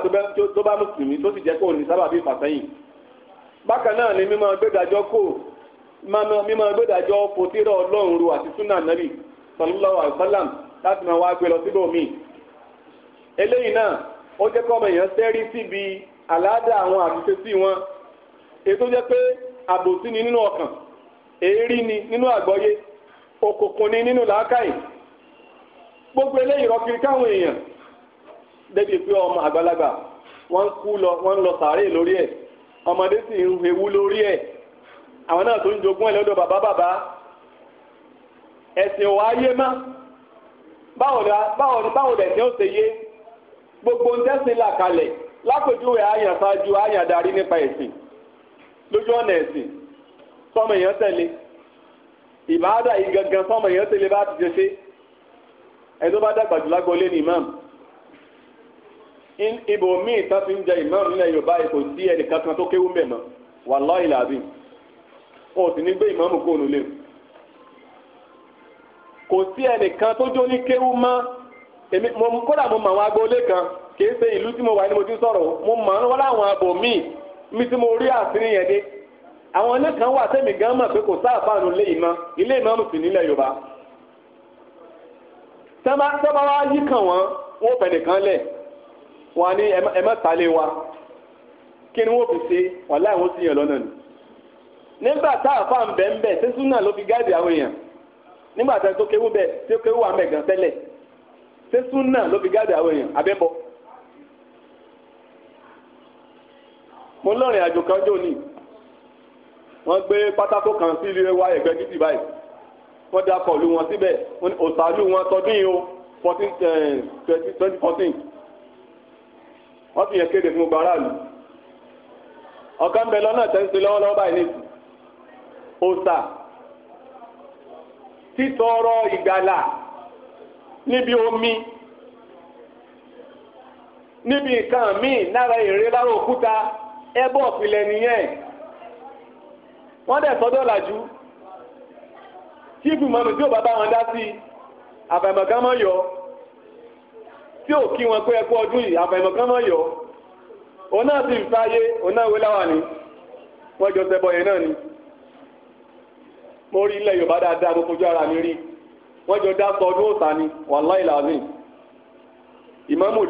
S1: tó bá mùsùlùmí tó sì jẹ́ kó ní sábàbí ìfàsẹ́yìn bákan náà ni mímọ gbẹdàjọ kò mímọ gbẹdàjọ potírọ Ọlọ́run ru àti súnà nàbì sallallahu alaihi wasallam láti máa wá gbé lọ síbòmíì eléyìí náà ó jẹ́ kọ́ ọmọ èèyàn sẹ́rí síbi àládà àwọn àtúnṣe sí wọn ètò jẹ́ pé àbòsí ni nínú ọkàn èérí ni nínú àgbọ́yé òkùnkùn ni nínú làákàyè gbogbo eléyìí rọkiri káwọn èèyàn débi pé ọmọ àgbàlagbà wọ́n kú lọ wọ́n lọ sàárè lórí ẹ̀ ọmọdé sì ń hewu lórí ẹ̀ àwọn náà tó ń jogún ẹ̀ lọ́dọ̀ bàbá bàbá ẹ̀sìn ò má báwo gbogbo ntẹ́sìn là kalẹ̀ lápèjúwe àyàn ṣáájú àyàn darí nípa ẹ̀sìn lójú ọ̀nà ẹ̀sìn sọmọ èèyàn tẹ̀lé ìbáàdà yìí gangan sọmọ èèyàn tẹ̀lé bá ti ṣe ṣe ẹni tó bá dàgbà jù lágbọ́lé ní imam ibò míì tán fi ń jẹ imam nílẹ̀ yorùbá kò sí ẹnì kankan tó kéwú mẹ́mọ́ wàláhì làbí wọn ò sì ní gbé imam kó ònú léwu kò sí ẹnìkan tó jó ní kéwú mọ́ èmi mo kódà mo mọ àwọn agboolé kan kìí ṣe ìlú tí mo wà ní mo ti sọ̀rọ̀ mo mọ àwọn láwọn àbò míì mi tí mo rí àṣírí yẹn dé àwọn ilé kan wà sẹ́mi gan mọ̀ pé kò sáàfáànù ilé ìmọ̀ ilé ìmọ̀ mùsùlùmí nílẹ̀ Yorùbá sábà wá yí kàn wọ́n wọ́n fẹ̀ nìkan lẹ̀ wọ́n á ní ẹ̀mọ́tàlẹ́ wa kí ni wọ́n fi ṣe wàhálà àwọn ti yàn lọ́nà nù nígbà tá a fa nbẹ̀nbẹ̀ tí ló fi gáàdì àwọn èèyàn nígbà tá tó kéwú bẹ̀ tí ó kéwú àmẹ̀gàn tẹ́lẹ̀ ṣé súnà ló fi gáàdì àwọn èèyàn abẹ́bọ. mo lọ́rìn àjò kan jò ní wọ́n gbé pátákó kan sí ilé wa ẹ̀gbẹ́ títì báyìí wọ́n da kọ̀ọ̀lù wọn síbẹ̀ òsàlù wọn tọdún yìí o fourteen eh, twenty fourteen wọ́n fi yẹn kéde fún gbogbo aráàlú ọ̀kan bẹ lọ́nà tẹ́ ń ṣe lọ́wọ́lọ́wọ́ báyìí ní òsà títọrọ ìgbàlà níbi omi níbi nǹkan míì lára èrè lára òkúta ẹbọ ọ̀pìlẹ̀ nìyẹn wọ́n dẹ̀ sọ́dọ̀ làjú tí ìgbìmọ̀ mi tí ò bá bá wọn dá sí àfàìmọ̀kán mọ́ yọ tí ò kí wọn pé ẹkú ọdún yìí àfàìmọ̀kán mọ́ yọ òun náà sì ń sáyé òun náà wé láwà ni wọ́n jọ sẹ́bọ̀ yẹn náà ni mo rí ilẹ̀ Yorùbá dáadáa mo fojú ara mi rí wọ́n jọ dá sọ ọdún ọ̀sà ni wàláì làzín ìmáàmù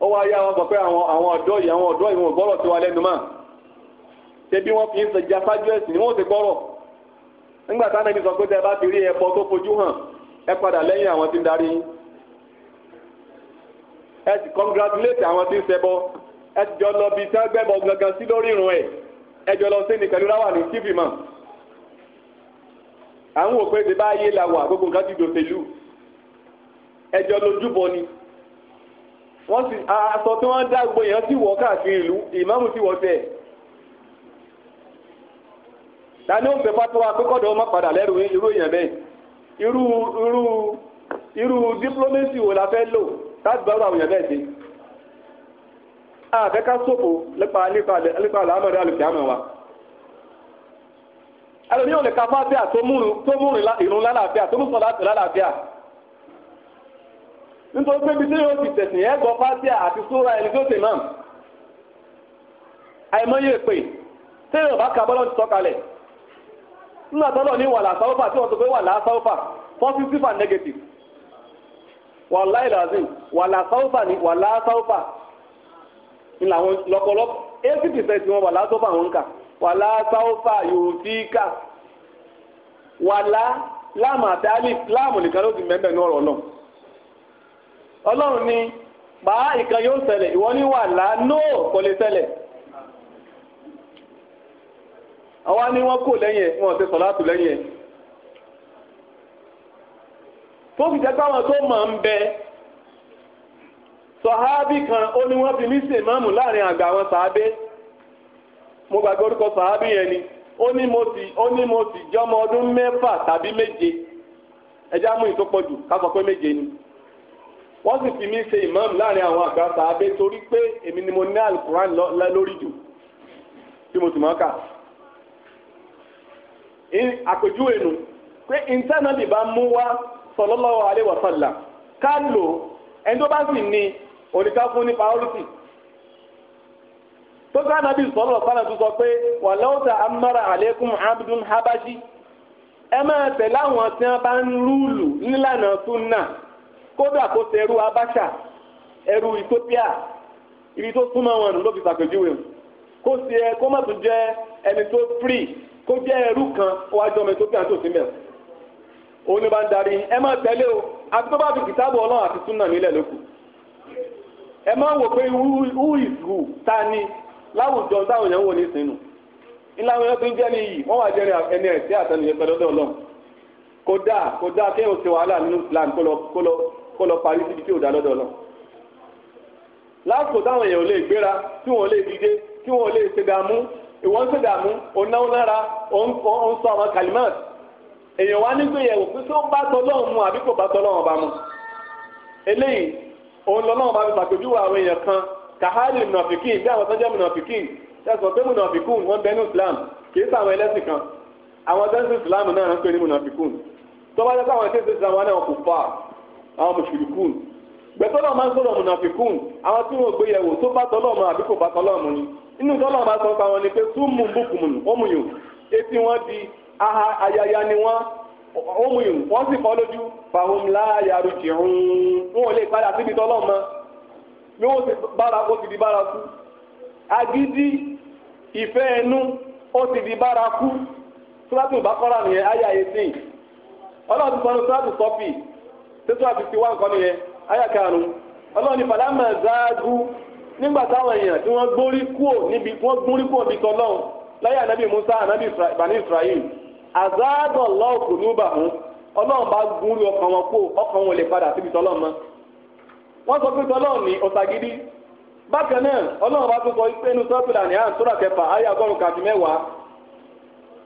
S1: ó wá yá wọn sọ pé àwọn àwọn ọ̀dọ́ yìí àwọn ọ̀dọ́ yìí wọn gbọ́rọ̀ sí wa lẹ́nu bí wọ́n fi ń sèjà sájú ẹ̀sìn ni wọ́n ti gbọ́rọ̀ nígbà táwọn ẹbí sọ pé tẹ bá ti rí ẹ̀fọ́ tó fojú hàn ẹ padà lẹ́yìn àwọn tí ń darí ẹ sì congratulate àwọn tí ń ẹ sì jọ lọ bí gangan sí lórí ẹ jọ lọ sí àwọn òpè ti bá yé la wà gbogbo nǹkan ti dòṣèlú ẹjọ́ lójúbọ ni wọ́n sì aṣọ tí wọ́n dá gbogbo èèyàn sì wọ̀ káàkiri ìlú ìmáàmù sì wọ̀ tẹ̀ tani ó fẹ́ fatuwa akókòdò ọmọ padà lẹ́rù irú èèyàn bẹ́ẹ̀ irú irú irú dipulomasi wo la fẹ́ lò láti bá àwọn èèyàn bẹ́ẹ̀ dé àfẹ́ká sòfò nípa nípa nípa àlámọ̀dé àlùkìyàmọ̀ wa ẹlòmíì ò lè ka fáfíà tó múrin ìrún lálàáfíà tó mú sọ láti lálàáfíà nítorí pé ibi tí yóò ti tẹ̀sìn ẹ̀ gbọ́ fáfíà àti súra ẹni tó tẹ̀ náà àìmọye pé tí yóò bá ka bọ́lá ti sọ̀kalẹ̀ nígbà tọ́lọ̀ ní wàlà sáwọ́fà tí wọ́n sọ pé wàlà sáwọ́fà positive and negative wàlà ìlàzìn wàlà sáwọ́fà ni wàlà sáwọ́fà ni làwọn lọ́kọ̀ọ́lọ́kọ̀ eighty percent wọn wàlà sáwọ́fà wọn kà. wàlá sáwọ́fà yóò tí kà wàlá láàmù àti alif láàmù nìkan mẹ́bẹ̀ ní ọ̀rọ̀ náà ọlọ́run ni pa ìkan yóò ṣẹlẹ̀ ìwọ ní wàlá nóò kò lè ṣẹlẹ̀ ni wọn kò lẹ́yìn ẹ̀ sọ̀láàtù lẹ́yìn ẹ̀ fi táwọn tó mọ̀ ń bẹ sọ̀hábì kan ó ní wọ́n fi sèmáàmù láàrin mo gbàgbé orúkọ sàábì yẹn ni ó ní mo sì ó ní mo sì jọmọ ọdún mẹ́fà tàbí méje ẹjẹ́ amú ìtọ́pọ̀jù ká sọ pé méje ni wọ́n sì fi mí ṣe ìmáàmù láàrin àwọn àgbà sàábé torí pé èmi ni mo ní alukuran lórí jù tí mo sì mọ́ kà àpèjúwe nu pé intanẹ́ẹ̀tì bá mú wá sallallahu alaihi wasallam ká lò ẹni tó bá sì ní oníkà fún ní tọ́sí anabi sọ̀rọ̀ sọ́nà tó sọ pé wà lọ́wọ́sà amára àlékún abdul habashi ẹ máa tẹ̀lé àwọn tí wọ́n bá ń rúùlù nílànà súnà kódà kó ṣe ẹrú abáṣà ẹrú ethiopia ibi tó súnmọ́ wọn ló fi ṣàpèjúwe kó ṣe ẹ kó má tún jẹ ẹni tó free kó jẹ ẹrú kan kó wá jọmọ ethiopia tó sí mẹ òun ni bá ń darí ẹ máa tẹ̀lé o àti tó bá fi kìtàbù ọlọ́run àti súnà nílẹ̀ lókù ẹ máa wò pé who is who ta ni láwùjọ táwọn èèyàn wò ní sínú ńlá wọn fi ń jẹ́ ní yìí wọ́n wà jẹ́ ẹni ẹ̀sẹ̀ àtẹnuyẹ pẹ̀lú ọ̀dọ̀ ọlọ́run kò dáa kò dáa kéèyàn ṣe wàhálà nínú Islam kó lọ parí síbi tí ò dá lọ́dọ̀ ọlọ́run lásìkò táwọn èèyàn ò lè gbéra tí wọn ò lè dìde tí wọn ò lè ṣe dààmú ìwọ́n ṣe dààmú ònáwó lára òun sọ àwọn kalimat èèyàn wá nígbèyẹ̀wò pé tí ó bá tọ́lọ́run mu àbí kò bá tọ́lọ́run bá mu eléyìí òun lọ́lọ́run kahali munafikin bí àwọn sọ́jà munafikin sẹ́sọ̀ pé munafikun wọ́n bẹ ní islam kì í sọ àwọn ẹlẹ́sìn kan àwọn sẹ́sìn islam náà ń pè ní munafikun tó bá jẹ́ pé àwọn sẹ́sìn islam wọn náà kò fà àwọn mushrikun gbẹ̀tọ́lọ́ máa ń sọ̀rọ̀ munafikun àwọn tí wọ́n gbé yẹ̀wò tó bá tọ́lọ́ mu àbí kò bá tọ́lọ́ mu ni inú tọ́lọ́ máa sọ fún àwọn ni pé súnmù bùkùnmù ọmùyùn etí wọn di aha ayaya ni wọn ọmùyùn wọn sì fọ́ lójú fàwọn láàyà rùjì rùn wọn ò lè padà síbi tọ́lọ́ mọ́ bí wọ́n ti bárakú ó ti di bárakú agídí ìfẹ́ ẹnu ó ti di bárakú sùràtù ìbákọ́ra nìyẹn ayé ayé sí ọlọ́run ti sọnù sùràtù sọ́fì tẹ́tù àti tiwa nǹkan nìyẹn ayé karùn ọlọ́run ní fàlámà záágú nígbà táwọn Musa ànábì Israel lọ́ọ̀kù ní ọlọ́run bá ọkàn wọn kó ọkàn wọn wọ́n sọ pé tọ́lọ́ọ̀ ní ọ̀tàgídí bákan náà ọlọ́run bá tún sọ pé inú ní àǹtí kẹfà ayé kàdí mẹ́wàá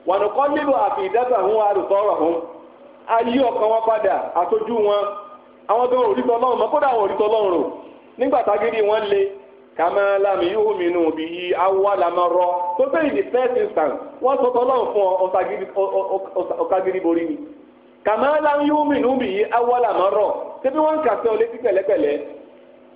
S1: wà kọ́ kọ́lébù àfi ìdẹ́sà hún àrùsọ ọ̀rọ̀ hún ayé ọkàn wọn padà àtọ́jú wọn àwọn gan mọ́ kódà rò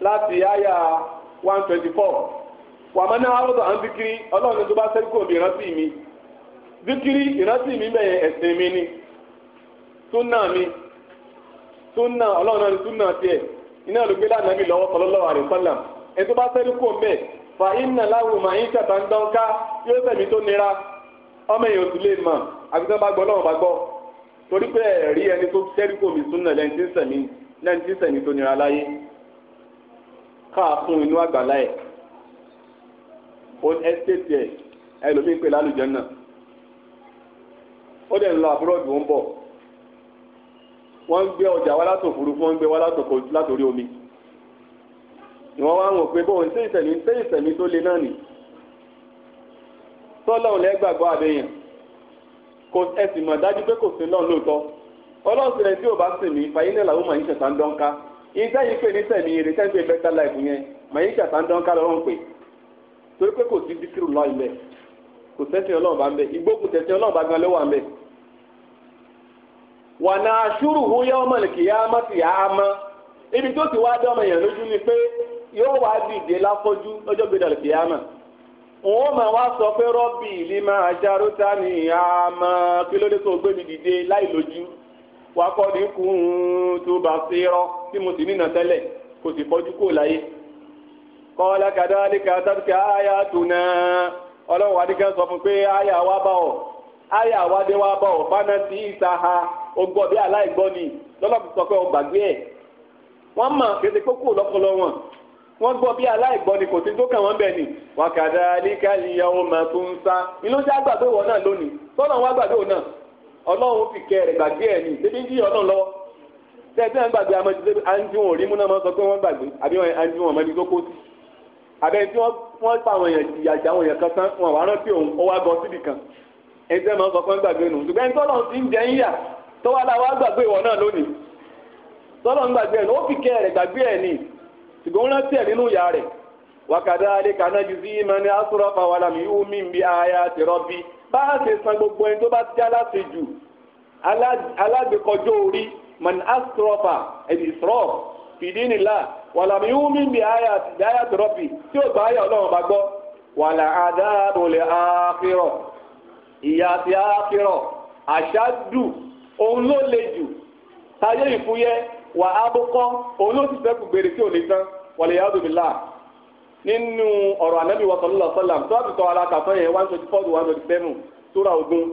S1: láti àyà 124. twenty four náà arọ́dọ̀ à ń zikiri ọlọ́run tó bá ìrántí mi zikiri ìrántí mi bẹ́ẹ̀ ẹ̀sìn mi ni súnà mi súnà ọlọ́run náà ni súnà tiẹ̀ iná olùgbé lánàá mi lọ́wọ́ sallallahu alaihi ẹni tó bá fa iná màá ṣàtà ń yóò sẹ̀mí tó nira ọmọ èèyàn sì lè mọ̀ àbí bá gbọ́ bá gbọ́ torí pé ẹ̀rí ẹni tó mi súnà lẹ́ni káà fún inú àgbàlá ẹ̀ ó ẹ́stéètì ẹ̀ ẹlòmíín pè lálùjẹ́ náà ó dẹ̀ ń lọ àbúrọ̀dù ó ń bọ̀ wọ́n ń gbé ọjà wá látò òfurufú wọ́n ń gbé wá látòrí omi ìwọ́n wá ń wò pé bóun ṣé ìsẹ̀mí ṣé ìsẹ̀mí tó le náà nì sọ́lọ́run lẹ́gbàgbọ́ àbẹ̀yàn kò ẹ̀sìn mọ̀ dájú pé kò sí lọ́run lóòótọ́ ọlọ́run sì tí ò bá sìn mí fàyínà làwọn màá ń ṣẹ̀ṣà ń dán ìgbà yìí pè ní tẹ̀mí eré tẹ́ǹpé bẹ́tà láìpù yẹn màyí kàtà ń dán ká pè torí pé kò sí díkìrù lọ́ọ̀ ilẹ̀ kò tẹ̀sìn ọlọ́run bá ń bẹ ìgbókùn ọlọ́run bá gan ń bẹ. náà hu yá ọmọ ama ama ibi tó ti wá dé ọmọ yẹn lójú ni pé yóò wá lọ́jọ́ gbé sọ pé rọ́bì ìlí máa ama kí ló dé tó gbé mi dìde láì lójú wákọ́ ní kùn tó tí mo sì nínà tẹ́lẹ̀ kò sì fọ́jú kò láyé. kọ́lá kadhalika àtàkà àyà tùnà ọlọ́run sọ fún pé àyà wa bá ọ̀ dé bá ọ̀ fánà sí ogbọ́ wọ́n mọ̀ kété kókó wọn wọ́n gbọ́ bí aláìgbọ́ ni kò sí tó ni wa kadhalika al-yawma inú sí náà lónìí tẹ́tí náà gbàgbé amadu tẹ́tí àǹtí wọn ò rí múná máa sọ pé wọ́n gbàgbé àbí wọn àǹtí wọn mọ́ni tó kó sí àbẹ́ tí wọ́n pa àwọn èèyàn ìyà àjà àwọn èèyàn kan tán wọn wà rántí òun ó wá gan síbì kan ẹni tẹ́ máa sọ pé wọ́n gbàgbé nù ṣùgbọ́n ẹni tọ́lọ̀ ti ń jẹ yíyà tó wá láwa gbàgbé ìwọ náà lónìí tọ́lọ̀ ń gbàgbé ẹ̀ ní ó kìkẹ́ rẹ̀ gbàgbé ẹ̀ ní ṣùgbọ́n rántí ẹ̀ nínú ìyá rẹ̀ وكذلك نجزي من أسرف ولم يؤمن بآيات ربي bá a ṣe san gbogbo ẹni tó bá ti aláṣejù alágbèkọjọ orí من astrofa al-israf fi dinillah wàlà mi yóò mímì àyà tọrọpì tí ó gba àyà ọlọ́run bá gbọ́ wàlà àdáàbòlè àkírọ̀ ìyá àti àkírọ̀ àṣáájú òun ló le jù táyé ìfúyẹ́ wà á bókọ́ òun ló sì fẹ́kù gbèrè tí ò lè tán wàlẹ̀ yàrá òbí là nínú ọ̀rọ̀ anábì wa sọlọ́lá sọlá tó àbí tọ́ aláta fún yẹn one twenty four to one twenty seven tóra ogun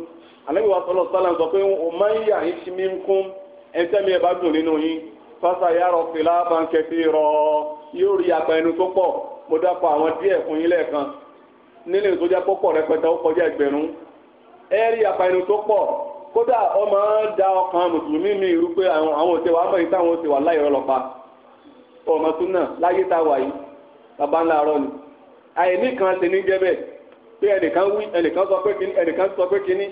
S1: anábì wa sọlọ́lá sọlá sọ pé òun máa ń yà ń ṣi mí ń kún ẹ̀ńtẹ́mi ẹ̀ bá dùn nínú yín fásitì ayárọ̀ fìlà bankẹ́tì rọ yóò rí apá ẹnu tó pọ̀ mo dápọ̀ àwọn díẹ̀ fún yín lẹ́ẹ̀kan nílé ìtọ́jà pọ̀pọ̀ rẹpẹtẹ ó kọjá ẹgbẹ̀rún ẹ rí apá ẹnu tó pọ̀ kódà ọmọ da ọkàn mùsùlùmí mi rú pé àwọn òṣèwà àmọ́ yìí táwọn òṣèwà láyọ̀ ọlọ́pa ọmọ súnà láyé tá a wà yìí bàbá ńlá arọ ni àìní kan ti ní jẹ́ pé ẹnìkan wí ẹnìkan sọ pé kíní ẹnìkan sọ pé kíní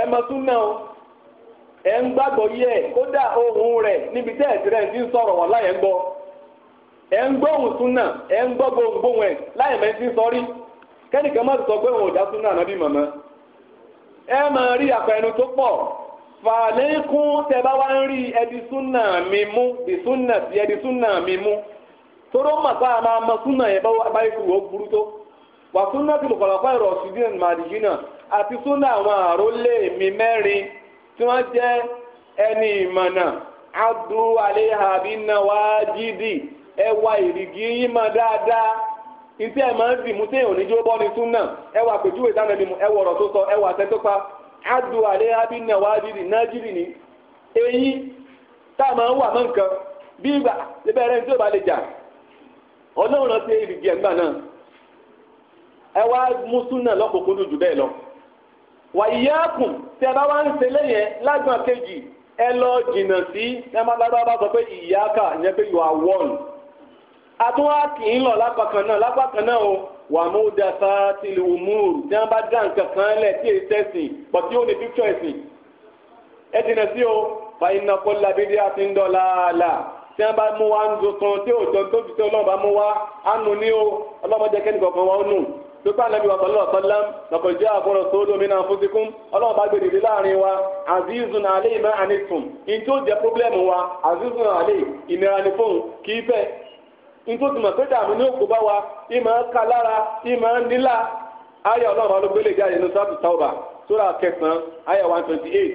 S1: ẹ mọ súnà o e ń gbàgbọ́ yí kódà ohun rẹ̀ níbi tẹ́ ti ń sọ̀rọ̀ wọn láyẹ̀ ń gbọ́ ń gbọ́ ohun súnà ẹ̀ ń gbọ́ ẹ̀ láyẹ̀ mẹ́ ti sọrí kẹ́nìkan má sọ pé òun ò dá súnà náà bí màmá ẹ máa rí àpẹẹnu tó pọ̀ fàlẹ́kùn tẹ bá wá ń rí ẹdi súnà mi mú bí súnà sí ẹdi súnà mi mú tóró mà bá máa mọ súnà yẹn tó wà súnà tí tí wọ́n jẹ́ ẹni ìmọ̀nà adu alehabi nawajidi ẹwà ìrìgì yín mọ̀ dáadáa ìtí ẹ̀ máa ń dì mú tí èèyàn oníjó bọ́ ni tún náà ẹwà àpèjúwe dáná ẹwà ọ̀rọ̀ tó sọ ẹwà tẹ́ adu ni tá a máa ń wà mọ́ nǹkan bí ìgbà rẹ̀ tí bá lè jà ọlọ́run ti ìrìgì ẹ̀gbà náà ẹwà wàyíyákùn tí ẹ bá wá ń ṣẹlẹ̀ yẹn lágbọ̀n kejì ẹ lọ jìnnà sí ẹ má bá sọ pé ìyáka yẹn pé you are one àtúwá kì í lọ lápá kan náà lápá kan náà o wàmúdàfà tìlù umúrù tí wọn bá dá nǹkan kan lẹ tí èyí tẹsìn bọ tí ó ní píkítọ ẹsìn ẹ jìnnà sí o fàyínà kọlá bídí àti ń dọ̀la àlà tí wọn bá mú wa ń dùn kan tí òòjọ́ tó fi tó lọ́wọ́ bá mú wa á nù ní o ọlọ́mọdé kẹ́nìkọ̀ọ̀kan wa ó nù. pípa nàbí wa sọlọ́ sọlá lọ́kọ̀ jẹ́ àkọ́rọ̀ sódò mi náà fún sikún ọlọ́run bá wa azizun ime ìmọ̀ anisun ìjó jẹ́ pọ́blẹ́mù wa azizun alẹ́ ìnira ni fóun kì í fẹ́ ìjó tìmọ̀ pé dàmí ní òkú bá wa ìmọ̀ ká lára ìmọ̀ nílà ayé ọlọ́run ló gbélé jáde ní sọ́ọ̀tù tàwùbà kẹsàn-án ayé one twenty eight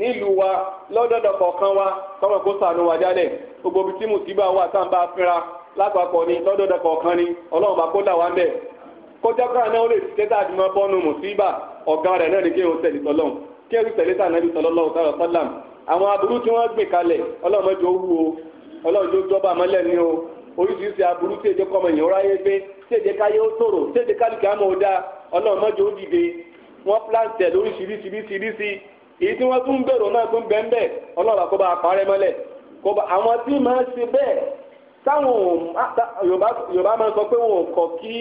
S1: nílùú wa lọ́dọ̀dọ̀ kọ̀ọ̀kan wa kọ́mọ̀ kó sànù wà jálẹ̀ gbogbo ibi tí mùsíbà wà tá à ń bá fínra lápapọ̀ ni lọ́dọ̀dọ̀ kọ̀ọ̀kan ni ọlọ́run bá kó dà wá ń bẹ̀ kọjá káà náà ó lè tẹ́tà àdìmọ́ bọ́nu mùsíbà ọ̀gá rẹ̀ náà ni kí òun tẹ̀lé tọ́lọ́run kí ẹ̀rí tẹ̀lé tà náà bí tọ́lọ́lọ́wọ́ sára àwọn aburú tí wọ́n gbìn kalẹ̀ ọlọ́run o èyí tí wọ́n tún ń náà tún bẹ́ẹ̀ bẹ́ẹ̀ ọlọ́ọ̀bà kó bá a parẹ́ mọ́lẹ̀ kó bá àwọn tí máa ṣe bẹ́ẹ̀ táwọn Yorùbá máa sọ pé wọn ò kọ̀ kí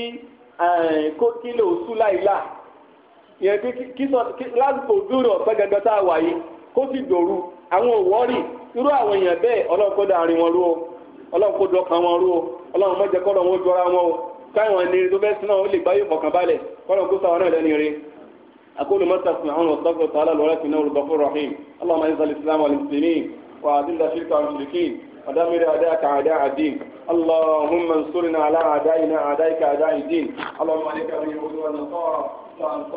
S1: kó kílò oṣù láìlà yẹn kí lásìkò dúró ọ̀pẹ́ gẹ́gẹ́ tá a wà yìí kó sì dòru àwọn irú àwọn èèyàn bẹ́ẹ̀ ọlọ́run kó wọn rú ọlọ́run kó wọn rú ọlọ́run أقول ما تسمعون واستغفر تعالى ولكن إنه الغفور الرحيم اللهم أعز الإسلام والمسلمين وأذل الشرك والمشركين ودمر أعداءك أعداء الدين اللهم انصرنا على أعدائنا أعدائك أعداء الدين اللهم عليك باليهود والنصارى